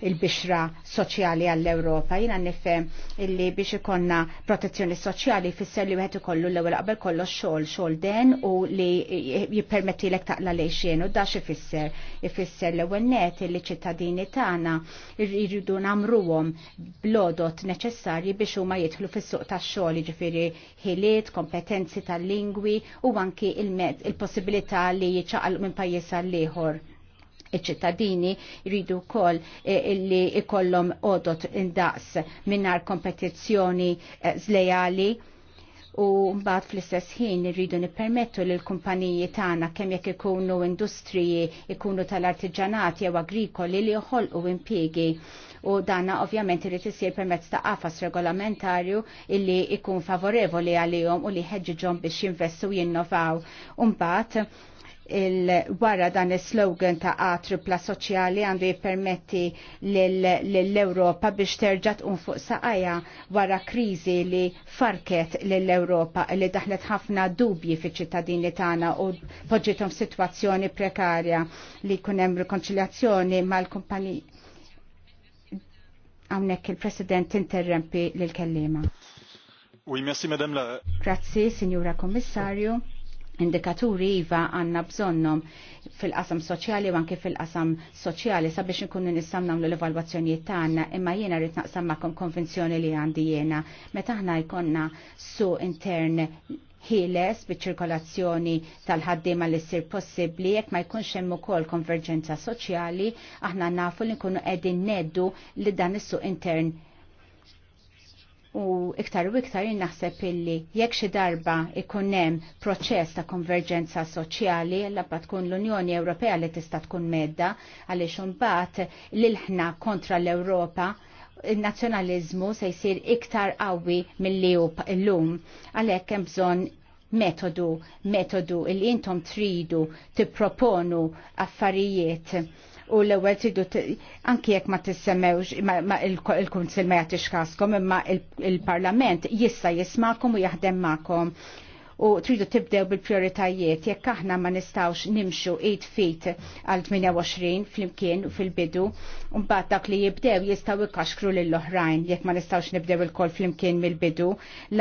il-bixra il soċjali għall-Ewropa. Jiena nifhem illi biex ikonna protezzjoni soċjali fisser li wieħed ikollu l-ewwel qabel kollox xogħol xogħol den u li jippermettilek taqla lejxien u dax ifisser. Ifisser l-ewwel net li ċittadini tagħna jridu nagħmruhom blodot neċessarji biex huma jidħlu fis-suq tax-xogħol, jiġifieri ħiliet, kompetenzi tal-lingwi u anki il-possibilità il li jiċċaqalqu minn pajjiż għall ieħor iċ-ċittadini jridu wkoll eh, li ikollom għodot indaqs mingħajr kompetizzjoni eh, zlejali u mbagħad fl-istess ħin irridu nippermettu lil kumpaniji tagħna kemm jekk ikunu industriji ikunu tal-artiġanat jew agrikoli li joħolqu impjiegi u danna ovvjament irid isir permezz ta' qafas regolamentarju illi ikun favorevoli għalihom u li ħeġġiġhom biex jinvestu jinnovaw. Mbagħad il-wara dan il-slogan ta' A-tripla soċjali għandu jippermetti l-Europa biex terġa tqum fuq saqajja wara krizi li farket l-Europa li daħlet ħafna dubji fi ċittadini tagħna u poġġitom situazzjoni prekarja li kunem rikonċiljazzjoni mal-kumpani għamnek il-President interrempi l-kellima. Oui, merci, Madame la... Grazie, Signora Commissario indikaturi iva għanna bżonnom fil-qasam soċjali u anke fil-qasam soċjali sabiex nkunu nissam l-evalwazzjonijiet tagħna imma jiena rrid naqsam magħkom konvenzjoni li għandi jiena meta aħna jkollna su intern ħieles biċ-ċirkolazzjoni tal-ħaddiema li ssir possibbli jekk ma jkunx hemm ukoll konverġenza soċjali aħna nafu li nkunu qegħdin neddu li dan is-suq intern u iktar u iktar naħseb illi jekk xi darba ikun hemm proċess ta' konverġenza soċjali labba tkun l-Unjoni Ewropea li tista' tkun medda għaliex imbagħad l kontra l-Ewropa il nazzjonaliżmu se jsir iktar qawwi mill-li llum għalhekk hemm bżonn metodu, metodu il-intom tridu tipproponu affarijiet u l-ewwel tridu anki jekk ma tissemmewx il-Kunsill ma jagħtix kaskom imma il-Parlament jista' jismakom u jaħdem magħkom u tridu tibdew bil-prioritajiet jekk aħna ma nistawx nimxu 8 feet għal 28 flimkien u fil-bidu mbagħad dak li jibdew jistgħu ikkaxkru lill oħrajn jekk ma nistawx nibdew il-kol flimkien mill-bidu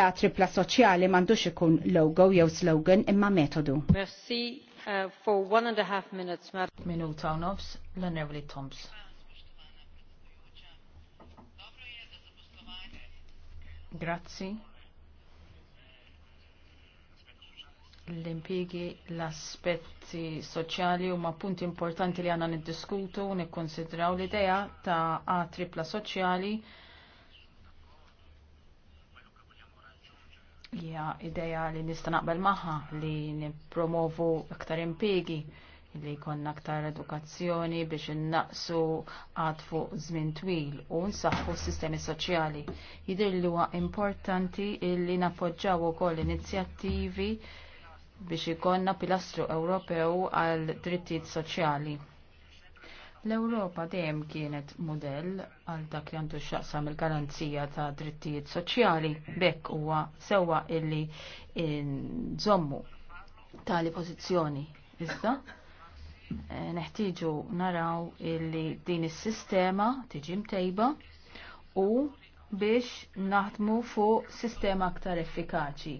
la tripla soċjali m'għandux ikun logo jew slogan imma metodu. Merci uh, for one and a half minutes, Madam. Minuta u nofs, l-Onorevoli Toms. Grazzi. L-impiegi, l-aspetti soċjali ma punti importanti li għanna niddiskutu u nikkonsidraw l-idea ta' A tripla soċjali hija idea li nista' naqbel magħha li nipromovu aktar impiegi li jkollna aktar edukazzjoni biex innaqsu għad fuq żmien twil u nsaħħu s-sistemi soċjali. Jidher li huwa importanti li nappoġġaw ukoll inizjattivi biex ikonna pilastru Ewropew għal drittijiet soċjali. L-Ewropa dejjem kienet modell għal dak li għandu xaqsam il-garanzija ta' drittijiet soċjali bekk huwa sewwa illi nżommu tali pożizzjoni. Iżda, neħtieġu naraw illi din is-sistema tiġi mtejba u biex naħdmu fuq sistema aktar effikaċi.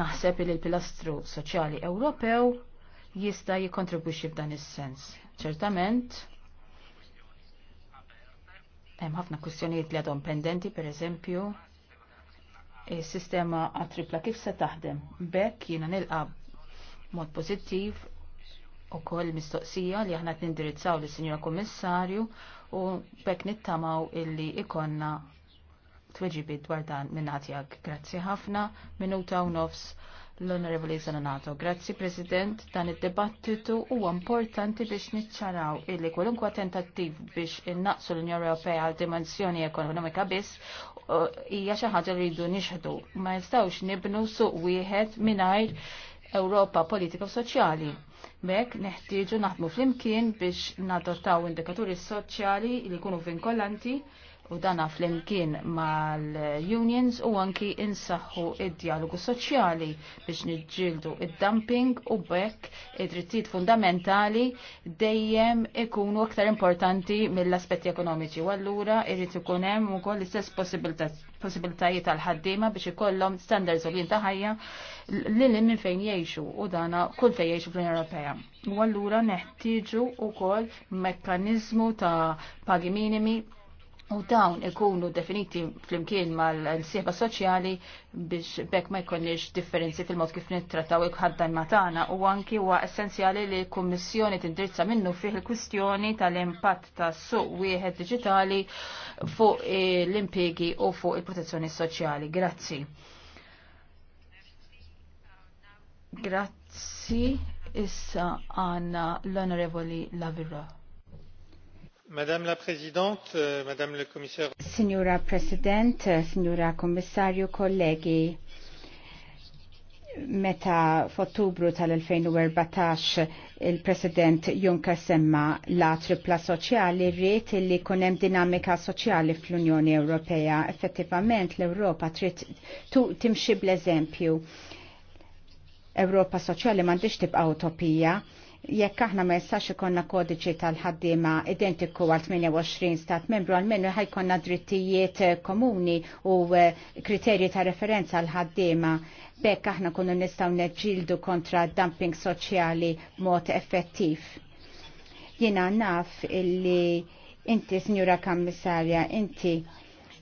Naħseb li l-pilastru soċjali Ewropew jista' jikkontribwixxi f'dan is-sens. Ċertament, hemm ħafna kwistjonijiet li għadhom pendenti, pereżempju, is-sistema għat-tripla kif se taħdem. Bekk jiena nilqa' mod pożittiv u koll mistoqsija li aħna t-nindirizzaw li sinjora Kommissarju u bekk nittamaw illi ikonna tweġibi dwar dan minnatjak. Grazzi ħafna, minuta u nofs l-Onorevoli Zananato. Grazzi President, dan id-debattitu huwa importanti biex niċċaraw illi kwalunkwa tentattiv biex innaqsu l-Unjoni Ewropea għal dimensjoni ekonomika biss uh, hija xi ħaġa li rridu nixħdu. Ma jistgħux nibnu suq wieħed mingħajr Ewropa politika u soċjali Mek neħtieġu naħdmu flimkien biex nadottaw indikaturi soċjali li jkunu vinkolanti u dana flimkien mal-unions u anki insaħħu id-dialogu soċjali biex niġġieldu id-dumping u bekk id-drittijiet fundamentali dejjem ikunu aktar importanti mill-aspetti ekonomiċi. U allura irrid ikun hemm ukoll l-istess possibilitat possibilitajiet tal ħaddiema biex ikollhom standards u ta' ħajja lil minn fejn jgħixu u dana kull fejn jgħixu fl-Unjoni Ewropea. U allura neħtieġu wkoll mekkaniżmu ta' pagi minimi U dawn ikunu definiti fl-imkien mal-sieħba soċjali biex bekk ma jkollniex differenzi fil-mod kif nittrattaw il-ħaddan matana u anki huwa essenzjali li l-Kummissjoni tindrizza minnu fih il-kwistjoni tal-impatt tas suq wieħed digitali fuq l impiegi u fuq il-protezzjoni soċjali. Grazzi. Grazzi. Issa għanna l-Onorevoli Lavirra. Madame la Presidente, euh, Madame le Commissaire. Signora President, euh, Signora Kommissarju, kollegi, meta f'Ottubru tal-2014 il-President Juncker semma la tripla soċjali rrit li kunem dinamika soċjali fl-Unjoni Ewropea. Effettivament l-Ewropa trid tu timxi bl-eżempju. Ewropa soċjali m'għandix tibqa' utopija jekk aħna ma jistax ikonna kodiċi tal-ħaddiema identiku għal 28 stat membru għal-menu ħajkonna drittijiet eh, komuni u eh, kriterji ta' referenza l ħaddiema bekk aħna kunu nistaw neġildu kontra dumping soċjali mod effettiv. Jina naf illi inti, Signora Kammissarja, inti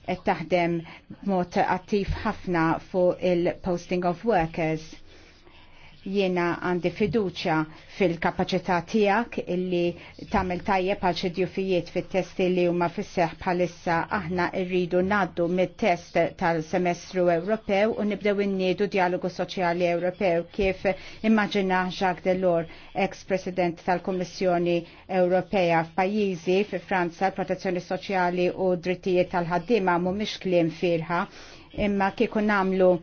taħdem mod attiv ħafna fuq il-posting of workers Jiena għandi fiduċa fil-kapacità tijak illi tamil tajjeb għal xidjufijiet fit-testi li huma fisseħ bħalissa aħna irridu naddu mit-test tal-semestru Ewropew u nibdew inniedu dialogu soċjali Ewropew kif immaġina Jacques Delors, ex-president tal-Kommissjoni Ewropea f'pajjiżi fi Franza l-protezzjoni soċjali u drittijiet tal-ħaddiema mhumiex kliem firħa imma kieku namlu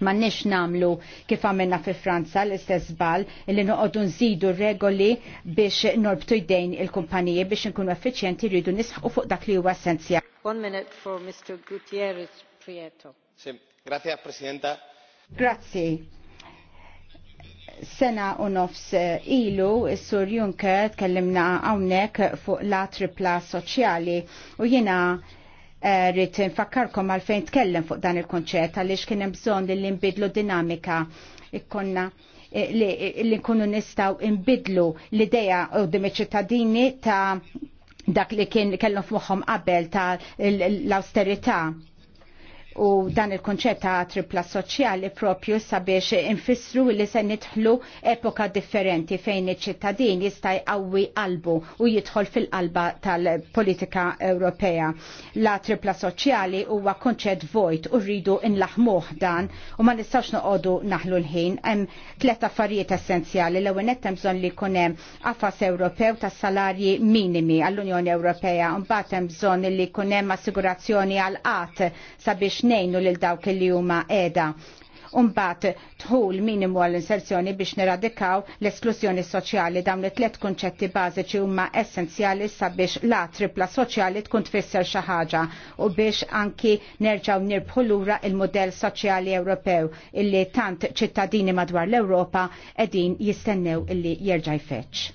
nix namlu kif għamilna fi Franza l-istess bal li noqogħdu nżidu regoli biex norbtu jdejn il-kumpaniji biex nkunu effiċjenti rridu nisħu fuq dak li huwa essenzja. One minute for Mr. Gutierrez Prieto. Sì, grazie Presidenta. Grazie sena u nofs eh, ilu, s Sur Juncker tkellimna għawnek fuq la tripla soċjali u jena Eh, rrit nfakkarkom għalfejn tkellem fuq dan il-konċert għaliex kien hemm bżonn li nbidlu dinamika ikkonna eh, eh, li nkunu nistgħu nbidlu l idea qudiem iċ ċittadini ta' dak li kien kellhom f'moħħhom qabel ta' l-austerità u dan il-konċett ta' tripla soċjali propju sabiex infissru li se nidħlu epoka differenti fejn iċ-ċittadin jista' jqawwi qalbu u jidħol fil-qalba tal-politika Ewropea. La tripla soċjali huwa konċett vojt u rridu inlaħmuh dan u ma nistgħux noqogħdu naħlu l-ħin. Hemm tliet affarijiet essenzjali l ewwel hemm bżonn li jkun hemm qafas Ewropew tas-salarji minimi għall-Unjoni Ewropea, mbagħad hemm bżonn li jkun hemm assigurazzjoni għal qatt sabiex biex nejnu lil dawk li huma qiegħda Umbat tħul minimu għall-inserzjoni biex neradikaw l-esklusjoni soċjali dawn li tlet kunċetti bażiċi huma essenzjali sabiex la tripla soċjali tkun tfisser xi ħaġa u biex anki nerġgħu nirbħu lura il-modell soċjali Ewropew illi tant ċittadini madwar l-Ewropa qegħdin jistennew illi jerġa' jfeċċ.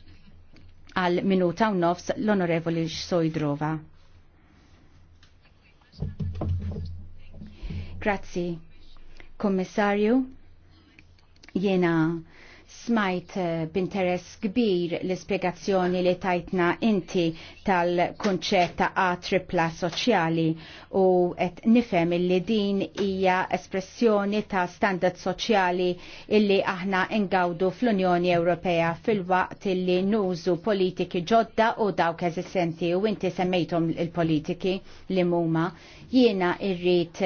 Għal minuta u nofs l-Onorevoli Sojdrova. Grazzi, kommissarju. Jena smajt eh, b'interess kbir l-ispiegazzjoni li tajtna inti tal-konċett ta' A tripla soċjali u qed nifhem illi din hija espressjoni ta' standard soċjali illi aħna ingawdu fl-Unjoni Ewropea fil-waqt illi nużu politiki ġodda u dawk eżistenti u inti semmejthom il-politiki li huma Jiena irrit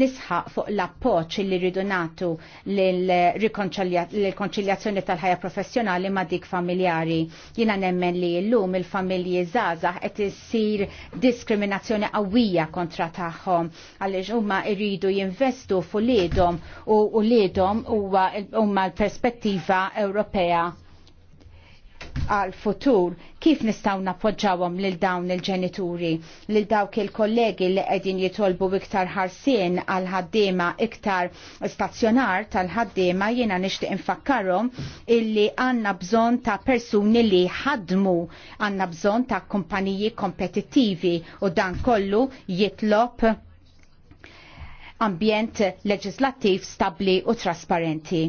nisħaq fuq l-appoċ li rridu natu l-konċiljazzjoni tal-ħajja professjonali ma' dik familjari. Jiena nemmen li l-lum il-familji zazah qed issir diskriminazzjoni qawwija kontra tagħhom għaliex huma rridu jinvestu fuq lidhom u lidhom huwa huma l-perspettiva Ewropea għal futur kif nistaw nappoġġawhom lil dawn il-ġenituri lil dawk il-kollegi li qegħdin jitolbu iktar ħarsien għal ħaddiema iktar stazzjonar tal-ħaddiema jiena nixtieq infakkarhom illi għandna bżonn ta' persuni li ħadmu għandna bżonn ta' kumpaniji kompetittivi u dan kollu jitlob ambjent leġislattiv stabli u trasparenti.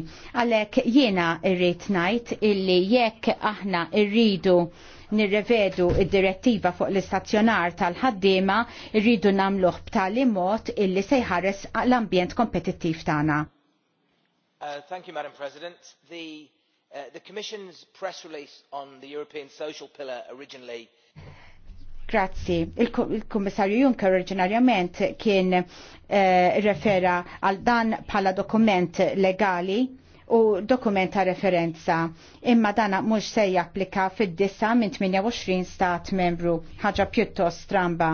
Għalek jiena irrit najt illi jekk aħna irridu nirrevedu id-direttiva fuq l-istazzjonar tal-ħaddiema irridu namluħ b'tali mod illi se l-ambjent kompetittiv tagħna. Uh, thank you, Madam President. The, uh, the Commission's press release on the European Social Pillar originally Grazzi. Il-Kummissarju Juncker oriġinarjament kien eh, refera għal dan bħala dokument legali u dokument ta' referenza. Imma dana mhux se japplika fid-disa minn 28 stat membru, ħaġa pjuttost stramba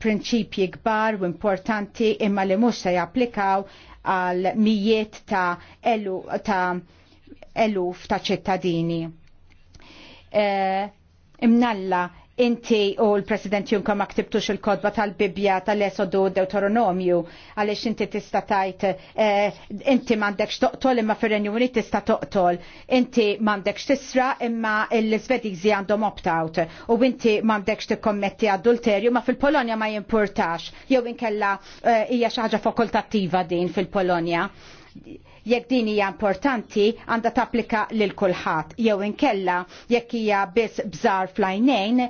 prinċipji kbar u importanti imma li mhux se japplikaw għal mijiet ta' elu, ta' eluf ta' ċittadini. E, imnalla inti u l-President Juncker ma ktibtux il-kodba tal-Bibja tal-Esodu Deuteronomju għaliex inti tista' tajt eh, inti m'għandekx toqtol imma fir-Renju Unit tista' toqtol, inti m'għandekx tisra imma l-Svediżi għandhom opt-out u inti m'għandekx tikkommetti adulterju ma fil-Polonja ma jimpurtax jew inkella eh, hija xi ħaġa fakultattiva din fil-Polonja jekk din hija importanti għandha tapplika lil kulħadd jew inkella jekk hija biss bżar flajnejn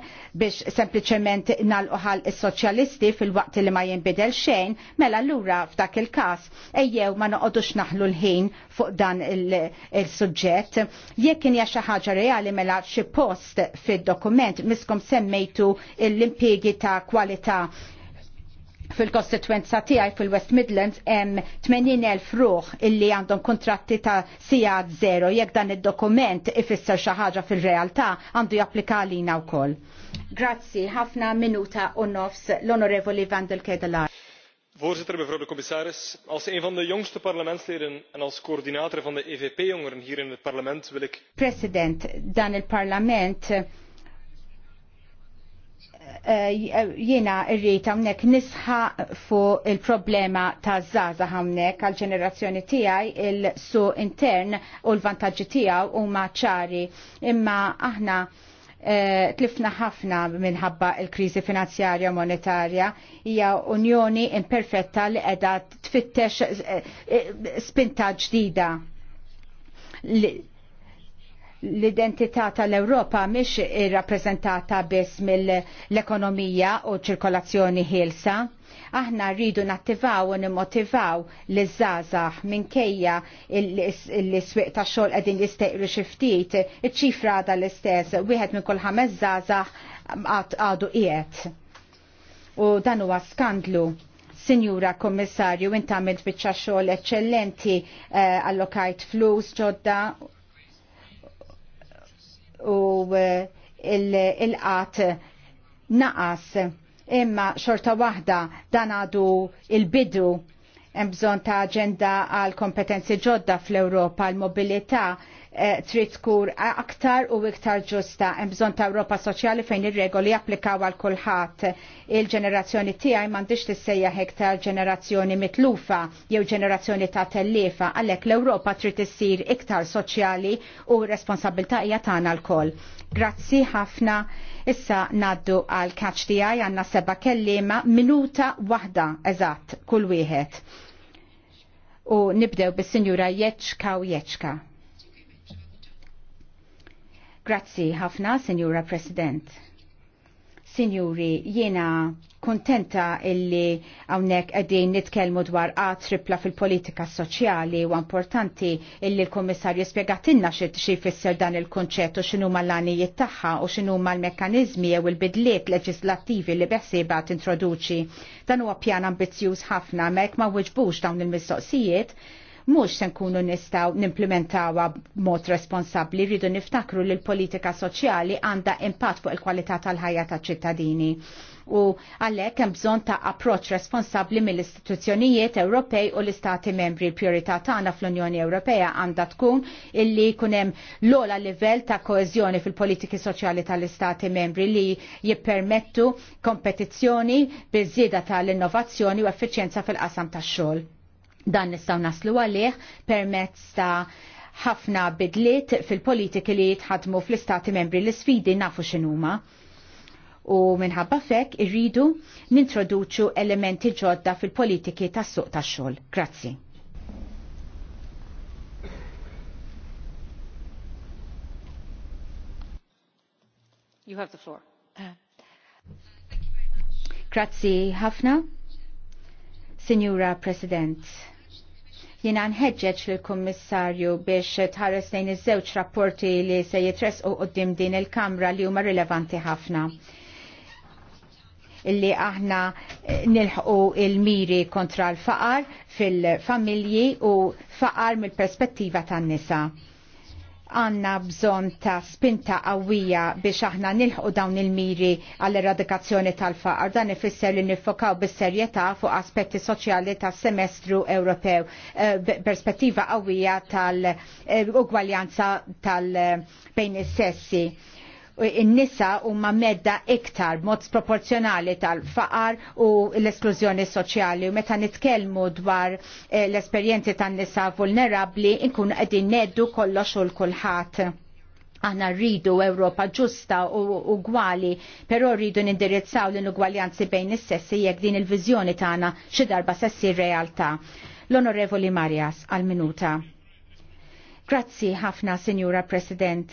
biex sempliċement nalqħal is-soċjalisti fil-waqt li ma jinbidel xejn, mela allura f'dak il-każ ejjew ma noqogħdux naħlu l-ħin fuq dan il-suġġett. Jekk hija xi ħaġa reali mela xi post fid-dokument miskom semmejtu l-impjegi ta' kwalità fil-kostituenza tiegħi fil-West Midlands hemm 80,000 ruħ illi għandhom kontratti ta' sija zero jekk dan id-dokument ifisser xi ħaġa fil-realtà għandu japplika għalina wkoll. Grazzi, ħafna minuta u nofs l-Onorevoli Vandel Kedelar. Voorzitter, mevrouw de commissaris, als een van de jongste parlementsleden en als coördinator van de EVP-jongeren hier in het parlement wil ik... President, dan het parlement, Eh, jiena irrit hawnhekk nisħa fuq il-problema ta' zaza hawnhekk għall-ġenerazzjoni tiegħi il-su intern u l-vantaġġi tiegħu huma ċari imma aħna eh, tlifna ħafna minħabba il-kriżi finanzjarja monetarja hija unjoni imperfetta li qiegħda tfittex eh, spinta ġdida l-identità tal-Europa mhix irrappreżentata biss mill-ekonomija u ċirkolazzjoni ħielsa. Aħna rridu nattivaw u nimmotivaw l żgħażagħ minkejja l-iswiq ta' xogħol qegħdin jistejqru xi ftit, iċ-ċifra għadha l-istess, wieħed minn kull ħames żgħażagħ għadu qiegħed. U dan huwa skandlu Sinjura Kommissarju, inta għamilt biċċa xogħol eċċellenti eh, allokajt flus ġodda u e, il-qat naqas imma xorta waħda dan għadu il-bidu hemm bżonn ta' aġenda għal kompetenzi ġodda fl-Ewropa, l-mobilità, Eh, trid tkun aktar u iktar ġusta. Hemm bżonn ta' Ewropa Soċjali fejn ir-regoli applikaw għal kulħadd. Il-ġenerazzjoni tiegħi m'għandix tissejjaħ iktar ġenerazzjoni mitlufa jew ġenerazzjoni ta' tellifa għalhekk l-Ewropa trid issir iktar soċjali u r-responsabilità hija tagħna lkoll. Grazzi ħafna. Issa naddu għal catch tiegħi għandna seba' kellima minuta waħda eżatt kull wieħed. U nibdew bis-Sinjura Jeċka u Jeċka. Grazzi ħafna, Signora President. Sinjuri, jiena kontenta illi għawnek għedin nitkelmu dwar għat tripla fil-politika soċjali u importanti illi l-Komissarju spiegatinna xie fisser dan il-konċett u xinu l-għanijiet taħħa u xinu l mekanizmi u l-bidliet leġislattivi li beħsiba t-introduċi. Dan huwa pjan ambizjuż ħafna mek ma wġbux dawn il-mistoqsijiet mhux se nkunu nistgħu nimplementawha b'mod responsabbli, rridu niftakru li l-politika soċjali għandha impatt fuq il-kwalità tal-ħajja taċ-ċittadini. U għalhekk hemm bżonn ta' approċċ responsabbli mill-istituzzjonijiet Ewropej u l-Istati membri. Priorità tagħna fl-Unjoni Ewropea għandha tkun illi jkun hemm l-ola livell ta' koeżjoni fil-politiki soċjali tal-Istati membri li jippermettu kompetizzjoni biżieda tal-innovazzjoni u effiċjenza fil-qasam tax-xogħol. Dan nistgħu naslu għalih permezz ta' ħafna bidliet fil-politiki li jitħadmu fl-istati membri l-sfidi nafu x'inhuma. U minħabba fekk irridu nintroduċu elementi ġodda fil-politiki tas-suq tax-xogħol. Grazzi. You have the floor. Grazzi ħafna. Signora President jina nħedġeċ l-Kommissarju biex tħares lejn iż-żewġ rapporti li se jitresqu qoddim din il-Kamra li huma rilevanti ħafna illi aħna nilħqu il-miri kontra l-faqar fil-familji u faqar mill-perspettiva tan-nisa għanna bżon ta' spinta qawwija biex aħna nilħu dawn il-miri għall-eradikazzjoni tal-faqar. Dan ifisser li nifokaw bis-serjetà fuq aspetti soċjali ta' semestru Ewropew, eh, perspettiva qawwija tal-ugwaljanza eh, tal-bejn is-sessi in-nisa huma medda iktar mod sproporzjonali tal-faqar u l-esklużjoni soċjali u meta nitkellmu dwar eh, l-esperjenzi tan-nisa vulnerabbli nkunu qegħdin neddu kollox u l-kulħadd aħna rridu Ewropa ġusta u ugwali, però rridu nindirizzaw l-inugwaljanzi bejn is-sessi jekk din il-viżjoni tagħna xi darba sessi realtà. L-Onorevoli Marias għal minuta. Grazzi ħafna, Sinjura President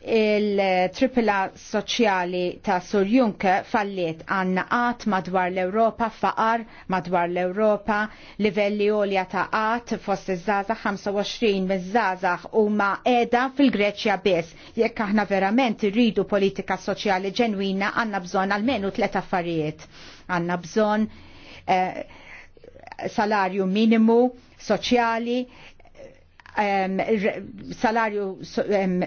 il-tripla soċjali ta' Sur Juncker falliet għanna għat madwar l-Europa, faqar madwar l-Europa, livelli olja ta' għat fost iż-żazax 25 miż-żazax u ma' edha fil-Greċja biss. Jekk aħna verament irridu politika soċjali ġenwina għanna bżon għalmenu tlet affarijiet. Għanna bżon eh, salarju minimu, soċjali, salarju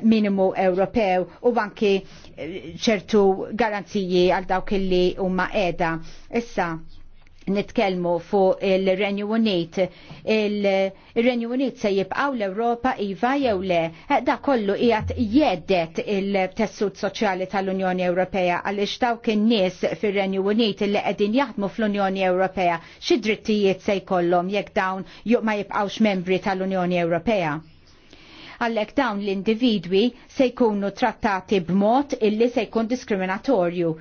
minimu Ewropew u banki eh, ċertu garanziji għal dawk illi huma qiegħda. Issa, nitkelmu fuq il-Renju Unit. Il-Renju Unit se jibqaw l-Europa iva jew le. Eh, da kollu qiegħed jeddet il-tessut soċjali tal-Unjoni Ewropea għaliex dawk in-nies fir-Renju Unit li qegħdin jaħdmu fl-Unjoni Ewropea xi drittijiet se jkollhom jekk dawn ma jibqawx membri tal-Unjoni Ewropea għallek dawn l-individwi se jkunu trattati b'mod illi se jkun diskriminatorju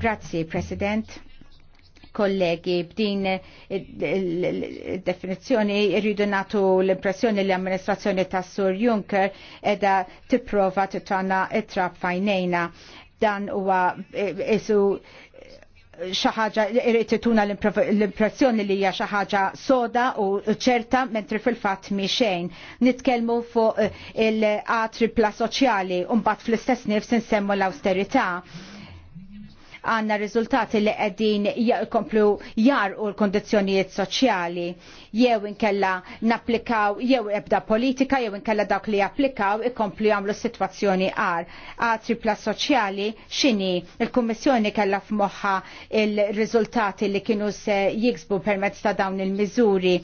Grazzi, President kollegi b'din eh, il-definizjoni irridu natu l-impressjoni li amministrazzjoni ta' Sur Juncker edha tipprova titana it-trap fajnejna. Dan huwa eh, isu eh, xaħġa irrituna l-impressjoni li hija xi ħaġa soda u ċerta mentri fil-fatt mi xejn. Nitkellmu fuq il atri pla soċjali u mbagħad fl-istess nifs insemmu l-awsterità għanna riżultati li qegħdin jkomplu jarqu l-kondizzjonijiet soċjali jew inkella napplikaw jew ebda politika jew inkella dawk li japplikaw ikomplu jagħmlu s-sitwazzjoni għar. Għatri plas soċjali x'inhi il-Kummissjoni kellha f'moħħa il-riżultati li kienu se jiksbu permezz ta' dawn il-miżuri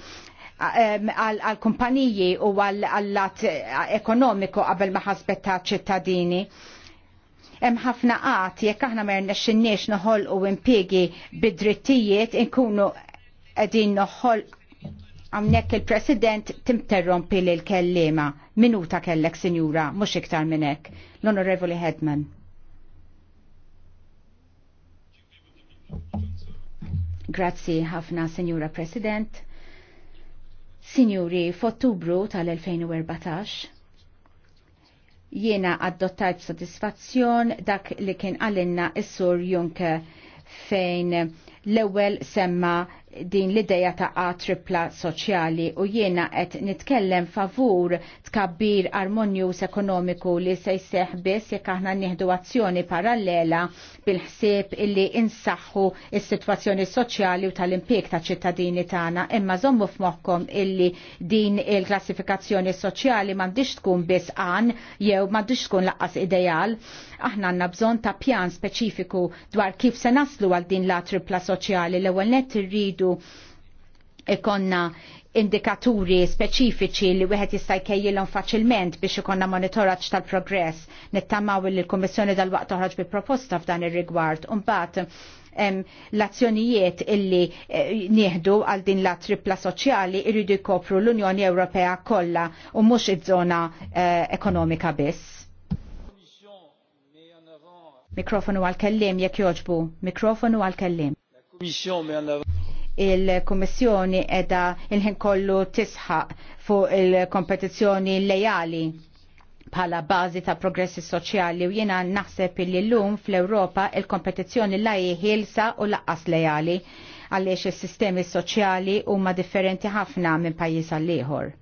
għal kumpaniji u għal lat ekonomiku qabel ma ta' ċittadini hemm ħafna qat jekk aħna ma rnexxinniex noħolqu impjiegi bid-drittijiet inkunu qegħdin noħol hawnhekk il-President timterrompi lil kellima. Minuta kellek, Sinjura, mhux iktar minn hekk. L-Onorevoli Headman. Grazzi ħafna, Sinjura President. Sinjuri, f'Ottubru tal-2014, jiena adottajt b'sodisfazzjon dak li kien għalinna is-sur Juncker fejn l-ewwel semma din l-ideja ta' A tripla soċjali u jiena qed nitkellem favur Kabbir armonjus ekonomiku li se jseħ biss jekk aħna nieħdu azzjoni parallela bil-ħsieb illi insaħħu is-sitwazzjoni soċjali u tal-impjeg ta' ċittadini tagħna, imma żommu f'moħħkom illi din il-klassifikazzjoni soċjali m'għandix tkun biss għan jew m'għandix tkun laqqas ideal. Aħna għandna bżonn ta' pjan speċifiku dwar kif se naslu għal din la tripla soċjali l-ewwel nett irridu ikonna indikaturi speċifiċi li wieħed jista' jkejjilhom faċilment biex ikonna monitoraġġ tal-progress. Nittamaw li l-Kummissjoni dal-waqt toħroġ bi proposta f'dan ir-rigward. mbagħad l-azzjonijiet illi eh, nieħdu għal din la tripla soċjali irridu jkopru l-Unjoni Ewropea kollha u mhux iż-żona eh, ekonomika biss. Mikrofonu għal-kellim jekk joġbu. Mikrofonu għal-kellim il-Kommissjoni edha il-ħin kollu tisħaq fuq il-kompetizzjoni lejali bħala bażi ta' progressi soċjali u jiena naħseb li llum fl-Ewropa il-kompetizzjoni lajji ħilsa u laqqas lejali għaliex is-sistemi soċjali huma differenti ħafna minn pajjiż għal ieħor.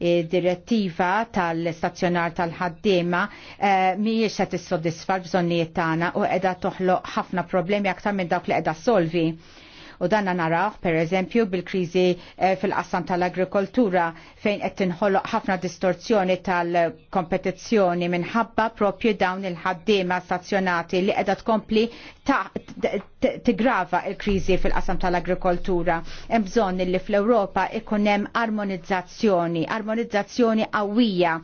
Direttiva tal-stazzjonar tal-ħaddiema eh, mhijiex qed tissodisfa l-bżonnijiet tagħna u qiegħda toħloq ħafna problemi aktar minn dawk li qiegħda solvi U danna naraħ per eżempju bil-krizi eh, fil-qassam tal-agrikoltura fejn qed tinħoloq ħafna distorzjoni tal-kompetizzjoni minħabba propju dawn il-ħaddiema stazzjonati li qiegħda tkompli tigrava il-krizi fil-qasam tal-agrikoltura. Hemm bżonn li fl-Ewropa ikun hemm armonizzazzjoni, armonizzazzjoni qawwija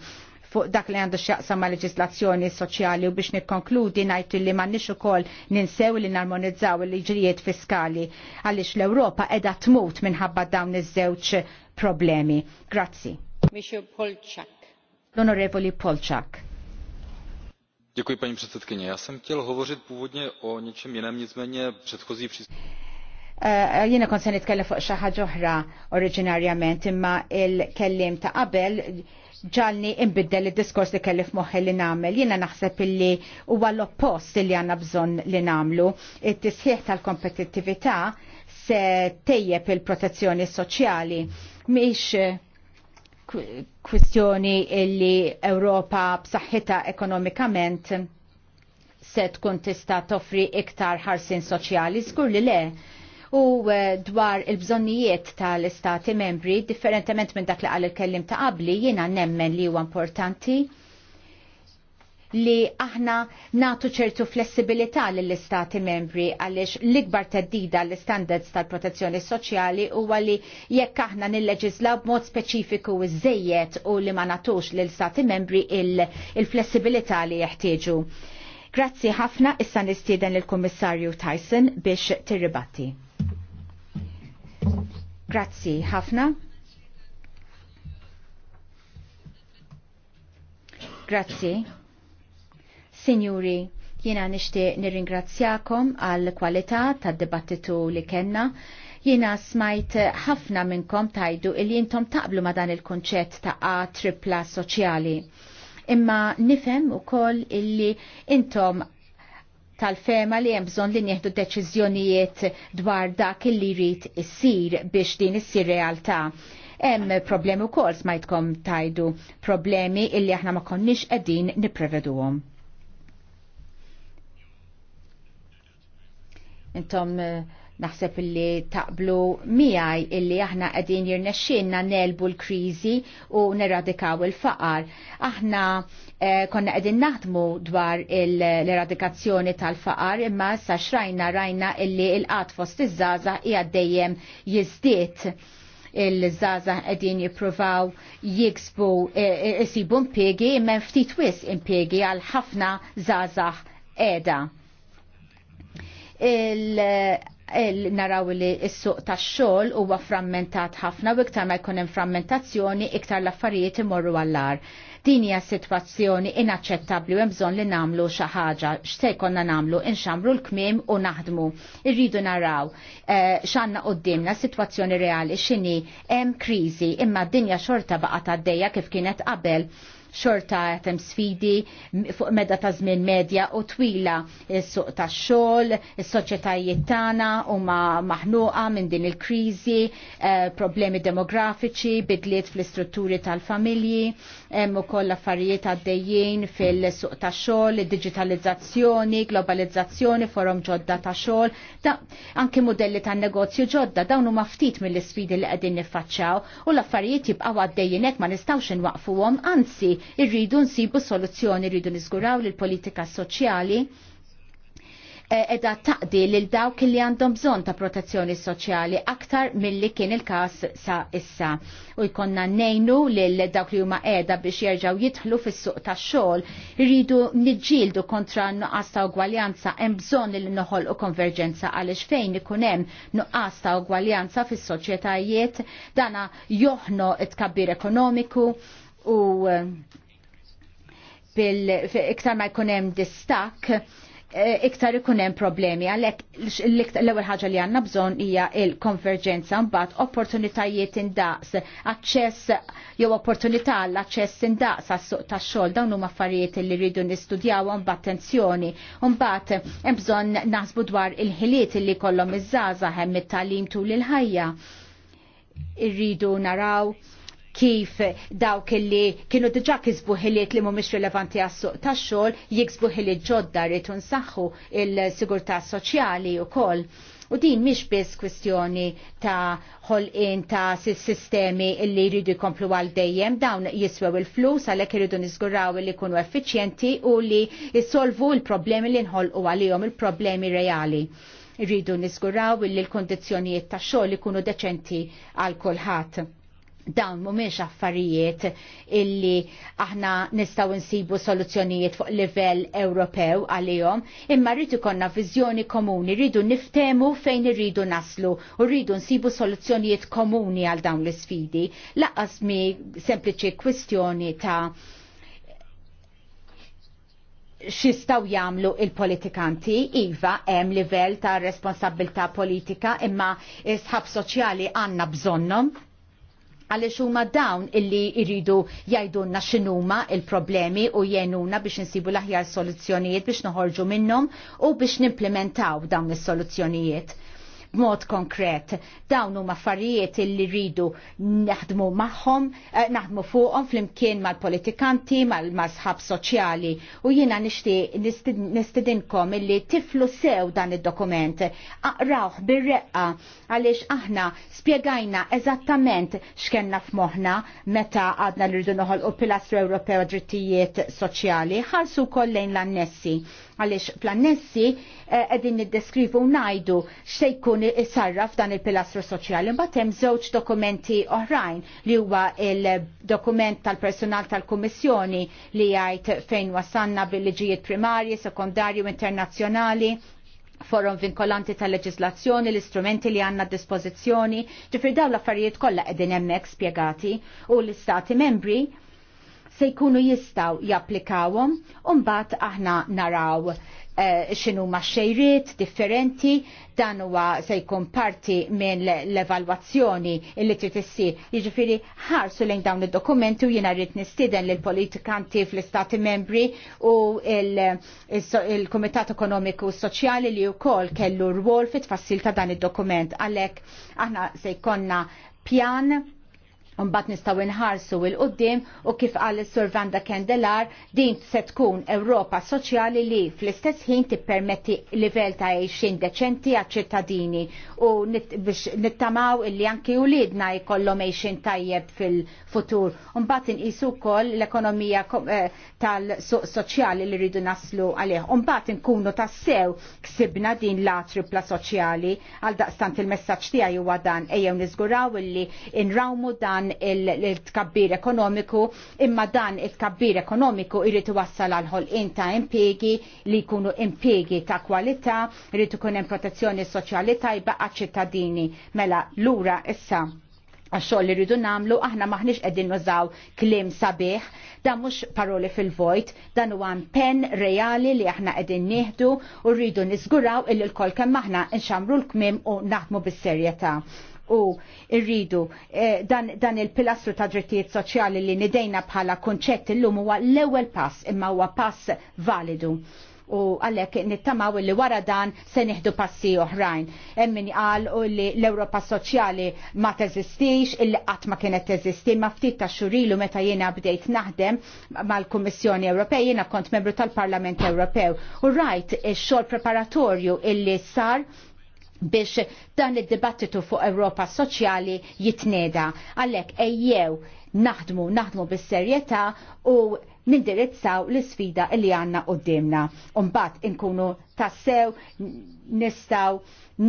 fuq dak li għandu xjaqsam ma' leġislazzjoni soċjali u biex nikkonkludi najt li ma nix ukoll ninsew li narmonizzaw il-liġrijiet fiskali għaliex l-Ewropa edha tmut minħabba dawn iż-żewġ problemi. Grazzi. Monsieur Polczak. L-Onorevoli Polczak. Děkuji, paní předsedkyně. Já jsem chtěl hovořit původně o něčem jiném, nicméně předchozí příspěvek. Uh, eh, jiena kont se nitkellem fuq xi ħaġa oħra oriġinarjament imma il-kellim ta' qabel ġalni imbiddel il-diskors li kelli f'moħħi li namel. Jina naħseb illi huwa l-oppost li għanna bżon li namlu. il tisħiħ tal-kompetittività se tejjeb il-protezzjoni soċjali. Miex kwistjoni illi Ewropa b'saħħitha ekonomikament se tkun tista' toffri iktar ħarsin soċjali. Skur li le, u eh, dwar il-bżonnijiet tal-istati membri, differentement minn dak li għal il-kellim ta' qabli, jiena nemmen li huwa importanti li aħna natu ċertu flessibilità lill-istati membri għaliex l-ikbar teddida l-standards tal-protezzjoni soċjali u għalli jekk aħna nilleġislaw b'mod speċifiku zzejiet u li ma natux lill-istati membri il-flessibilità il li jeħtieġu. Grazzi ħafna issa nistieden l kummissarju Tyson biex tirribatti. Grazzi ħafna. Grazzi. Signori, jiena nixtieq nirringrazzjakom għall kwalità tad-dibattitu li kellna Jiena smajt ħafna minnkom tajdu il jintom taqblu ma dan il-konċett ta' A tripla soċjali. Imma nifem u koll illi intom tal-fema li hemm bżonn li njeħdu deċiżjonijiet dwar dak li jrid issir biex din issir realtà. Hemm problemi wkoll smajtkom tajdu, problemi illi aħna ma konniex qegħdin nippreveduhom. Intom uh, Naħseb illi taqblu miħaj illi aħna qegħdin jirnexxinna nelbu l-kriżi u neradikaw il-faqar. Aħna eh, konna għedin naħdmu dwar l-eradikazzjoni tal-faqar imma sa xrajna rajna illi l qat fost iż żaza hija dejjem jiżdied il-żaza għedin jipruvaw jiksbu jisibu eh, mpegi imma ftit wis impiegi għal ħafna żazax edha naraw li s-suq tax-xogħol huwa frammentat ħafna u iktar ma jkun hemm frammentazzjoni iktar l-affarijiet imorru għall Dini Din hija sitwazzjoni inaċċettabbli u hemm bżonn li nagħmlu xi ħaġa x'se jkollna nagħmlu inxamru l-kmiem u naħdmu. Irridu naraw eh, d-dimna sitwazzjoni reali x'inhi hemm kriżi imma d-dinja xorta baqa' ta' għaddejja kif kienet qabel xorta għetem sfidi fuq medda ta' żmien medja u twila il suq tax-xogħol, is-soċjetajiet tagħna huma maħnuqa minn din il-kriżi, eh, problemi demografiċi, bidliet fl-istrutturi tal-familji, hemm ukoll affarijiet għaddejjin fil-suq ta' xogħol, digitalizzazzjoni, globalizzazzjoni, forum ġodda ta' xogħol, da anke modelli ta' negozju ġodda dawn huma ftit mill-isfidi li qegħdin niffaċċaw u l-affarijiet jibqgħu għaddejjin hekk ma nistgħux inwaqfuhom, anzi rridu nsibu soluzzjoni, irridu niżguraw lill politika soċjali Eh, edha taqdi lil dawk li għandhom bżon ta' protezzjoni soċjali aktar milli kien il-kas sa' issa. U jkonna nejnu lil dawk li huma edha biex jerġaw jidħlu fis-suq ta' xogħol irridu niġġieldu kontra nuqqas ta' ugwaljanza hemm bżonn li noħol u konverġenza għaliex fejn ikun hemm nuqqas ta' ugwaljanza fis-soċjetajiet dana joħno it-kabbir ekonomiku u eh, bil iktar ma jkun hemm distakk Eh, iktar ikun hemm problemi għalhekk l-ewwel ħaġa li għandna bżonn hija l-konverġenza mbagħad opportunitajiet indaqs, aċċess jew opportunità għall aċċess indaqs għas-suq tax-xogħol dawn huma affarijiet li rridu nistudjaw b'attenzjoni. Mbagħad hemm bżonn naħsbu dwar il-ħiliet li kollhom iż-żgħażagħ hemm it-tagħlim tul il-ħajja. Irridu naraw kif dawk li kienu diġa kisbu ħiliet li mhumiex rilevanti għas-suq tax-xogħol jiksbu ħiliet ġodda rrid nsaħħu il-sigurtà soċjali wkoll. U din mhix biss kwestjoni ta' ħolqien ta' sistemi li jridu jkomplu għal dejjem dawn jiswew il-flus għalhekk iridu niżguraw li jkunu effiċjenti u li jissolvu l-problemi li nħolqu għalihom il-problemi reali. Irridu nisguraw li l-kondizzjonijiet ta' xogħol ikunu deċenti għal kulħadd dawn mumiex affarijiet illi aħna nistaw nsibu soluzzjonijiet fuq livell Ewropew għalihom, imma rridu konna viżjoni komuni, rridu niftemu fejn irridu naslu u rridu nsibu soluzzjonijiet komuni għal dawn l isfidi Laqqas mi sempliċi kwistjoni ta' xistaw jamlu il-politikanti, iva, hemm livell ta' responsabilta politika, imma sħab soċjali għanna bżonnom, għalix huma dawn illi jridu jajdunna x'inhuma il-problemi u jenuna biex insibu l-aħjar soluzzjonijiet biex noħorġu minnhom u biex nimplementaw dawn is-soluzzjonijiet b'mod konkret. Dawn huma affarijiet li rridu naħdmu magħhom, eh, naħdmu fuqhom flimkien mal-politikanti, mal-sħab soċjali u jiena nixtieq nistidinkom illi tiflu sew dan id-dokument. Aqrawh bir-reqqa għaliex aħna spjegajna eżattament x'kenna f'moħħna meta għadna rridu noħolqu pilastru Ewropew drittijiet soċjali ħarsu kollejn l-annessi għaliex plannessi eh, qegħdin niddeskrivu ngħidu x'se jkun dan il-pilastru soċjali. Imbagħad hemm żewġ dokumenti oħrajn li huwa il-dokument tal-personal tal-Kummissjoni li jgħid fejn wasanna bil-liġijiet primarji, sekondarji u internazzjonali forum vinkolanti tal leġislazzjoni l-istrumenti li għanna dispożizzjoni, ġifri daw l-affarijiet kollha qegħdin hemmhekk spjegati u l-istati membri se jkunu jistaw japplikawhom u mbagħad aħna naraw eh, xinu ma xejriet differenti dan huwa se jkun parti minn l-evalwazzjoni li trid issir. Jiġifieri ħarsu lejn dawn id-dokumenti u jiena rrid nistieden lil politikanti fl-Istati Membri u il-Kumitat Ekonomiku Soċjali li wkoll kellu rwol fit-tfassil ta' dan id-dokument għalhekk aħna se jkollna pjan Unbat nistgħu nħarsu il qoddim u kif għal il sur Kendelar din se tkun Ewropa soċjali li fl-istess ħin tippermetti livell ta' għejxin deċenti għaċ-ċittadini u biex nittamaw illi anki lidna jkollhom għejxin tajjeb fil-futur. Mbagħad inqisu wkoll l-ekonomija eh, tal-suq soċjali li rridu naslu għalih. Mbagħad nkunu tassew ksibna din l-atripla soċjali għal daqstant il-messaġġ tiegħi huwa dan ejjew niżguraw illi inrawmu dan dan il-tkabbir ekonomiku, imma dan il-tkabbir ekonomiku irritu wassal għal ħolqien ta' impjegi li jkunu impiegi ta' kwalità, irritu ikun hemm protezzjoni soċjali tajba għaċ-ċittadini. Mela lura issa għaxxol li rridu namlu, aħna maħnix qegħdin nużaw klim sabiħ, da mhux paroli fil-vojt, dan huwa pen reali li aħna qegħdin nieħdu u rridu niżguraw illi l-kol kemm aħna nxamru l-kmim u naħdmu bis-serjetà u irridu eh, dan, dan il-pilastru ta' drittijiet soċjali li nidejna bħala konċett illum huwa l-ewwel pass imma huwa pass validu u għalhekk nittamaw li wara dan se nieħdu passi oħrajn. Emmin qal u li l-Ewropa Soċjali ma teżistix, illi qatt ma kienet teżisti, ma ftit ta' xurilu meta jiena bdejt naħdem mal-Kummissjoni Ewropej, jiena kont membru tal-Parlament Ewropew. U rajt ix-xogħol preparatorju illi sar biex dan id-dibattitu fuq Ewropa soċjali jitneda. għalhekk ejjew naħdmu, naħdmu bis-serjetà u nindirizzaw l-sfida li għanna u dimna. Umbat inkunu tassew nistaw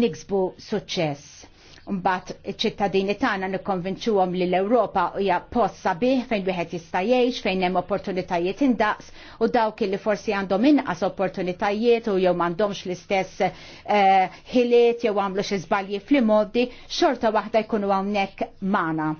niksbu suċċess mbagħad iċ-ċittadini tagħna nikkonvinċuhom li l-Ewropa hija post sabiħ fejn wieħed jista' jgħix, fejn hemm opportunitajiet indaqs u dawk li forsi għandhom inqas opportunitajiet u jew m'għandhomx l-istess eh, ħiliet jew għamlu xi żbalji fl-imodi, xorta waħda jkunu hawnhekk magħna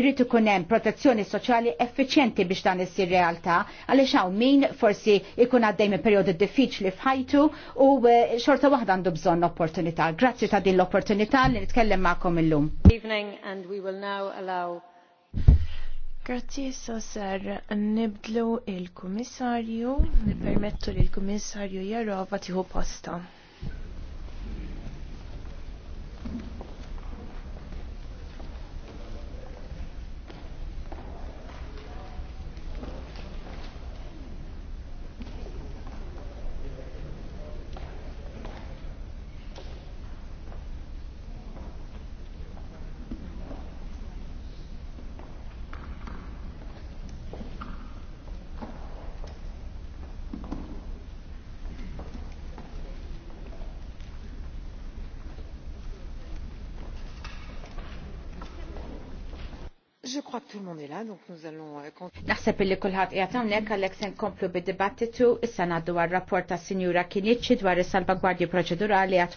irrit ikun hemm protezzjoni soċjali effiċjenti biex dan issir realtà għaliex hawn min forsi ikun għaddej minn perjodu diffiċli f'ħajtu u e, xorta waħda għandu bżonn opportunità. Grazzi ta' din l-opportunità li nitkellem magħkom illum. Evening and we will now allow Grazzi so ser nibdlu il-kummissarju, nipermettu li l-kummissarju jarrova tiħu posta. Naħseb illi kulħadd qiegħed hawnhekk għalhekk se nkomplu bid-dibattitu issa ngħaddu għar-rapport tas-Sinjura Kiniċċi dwar is-salvagwardji proċedurali għat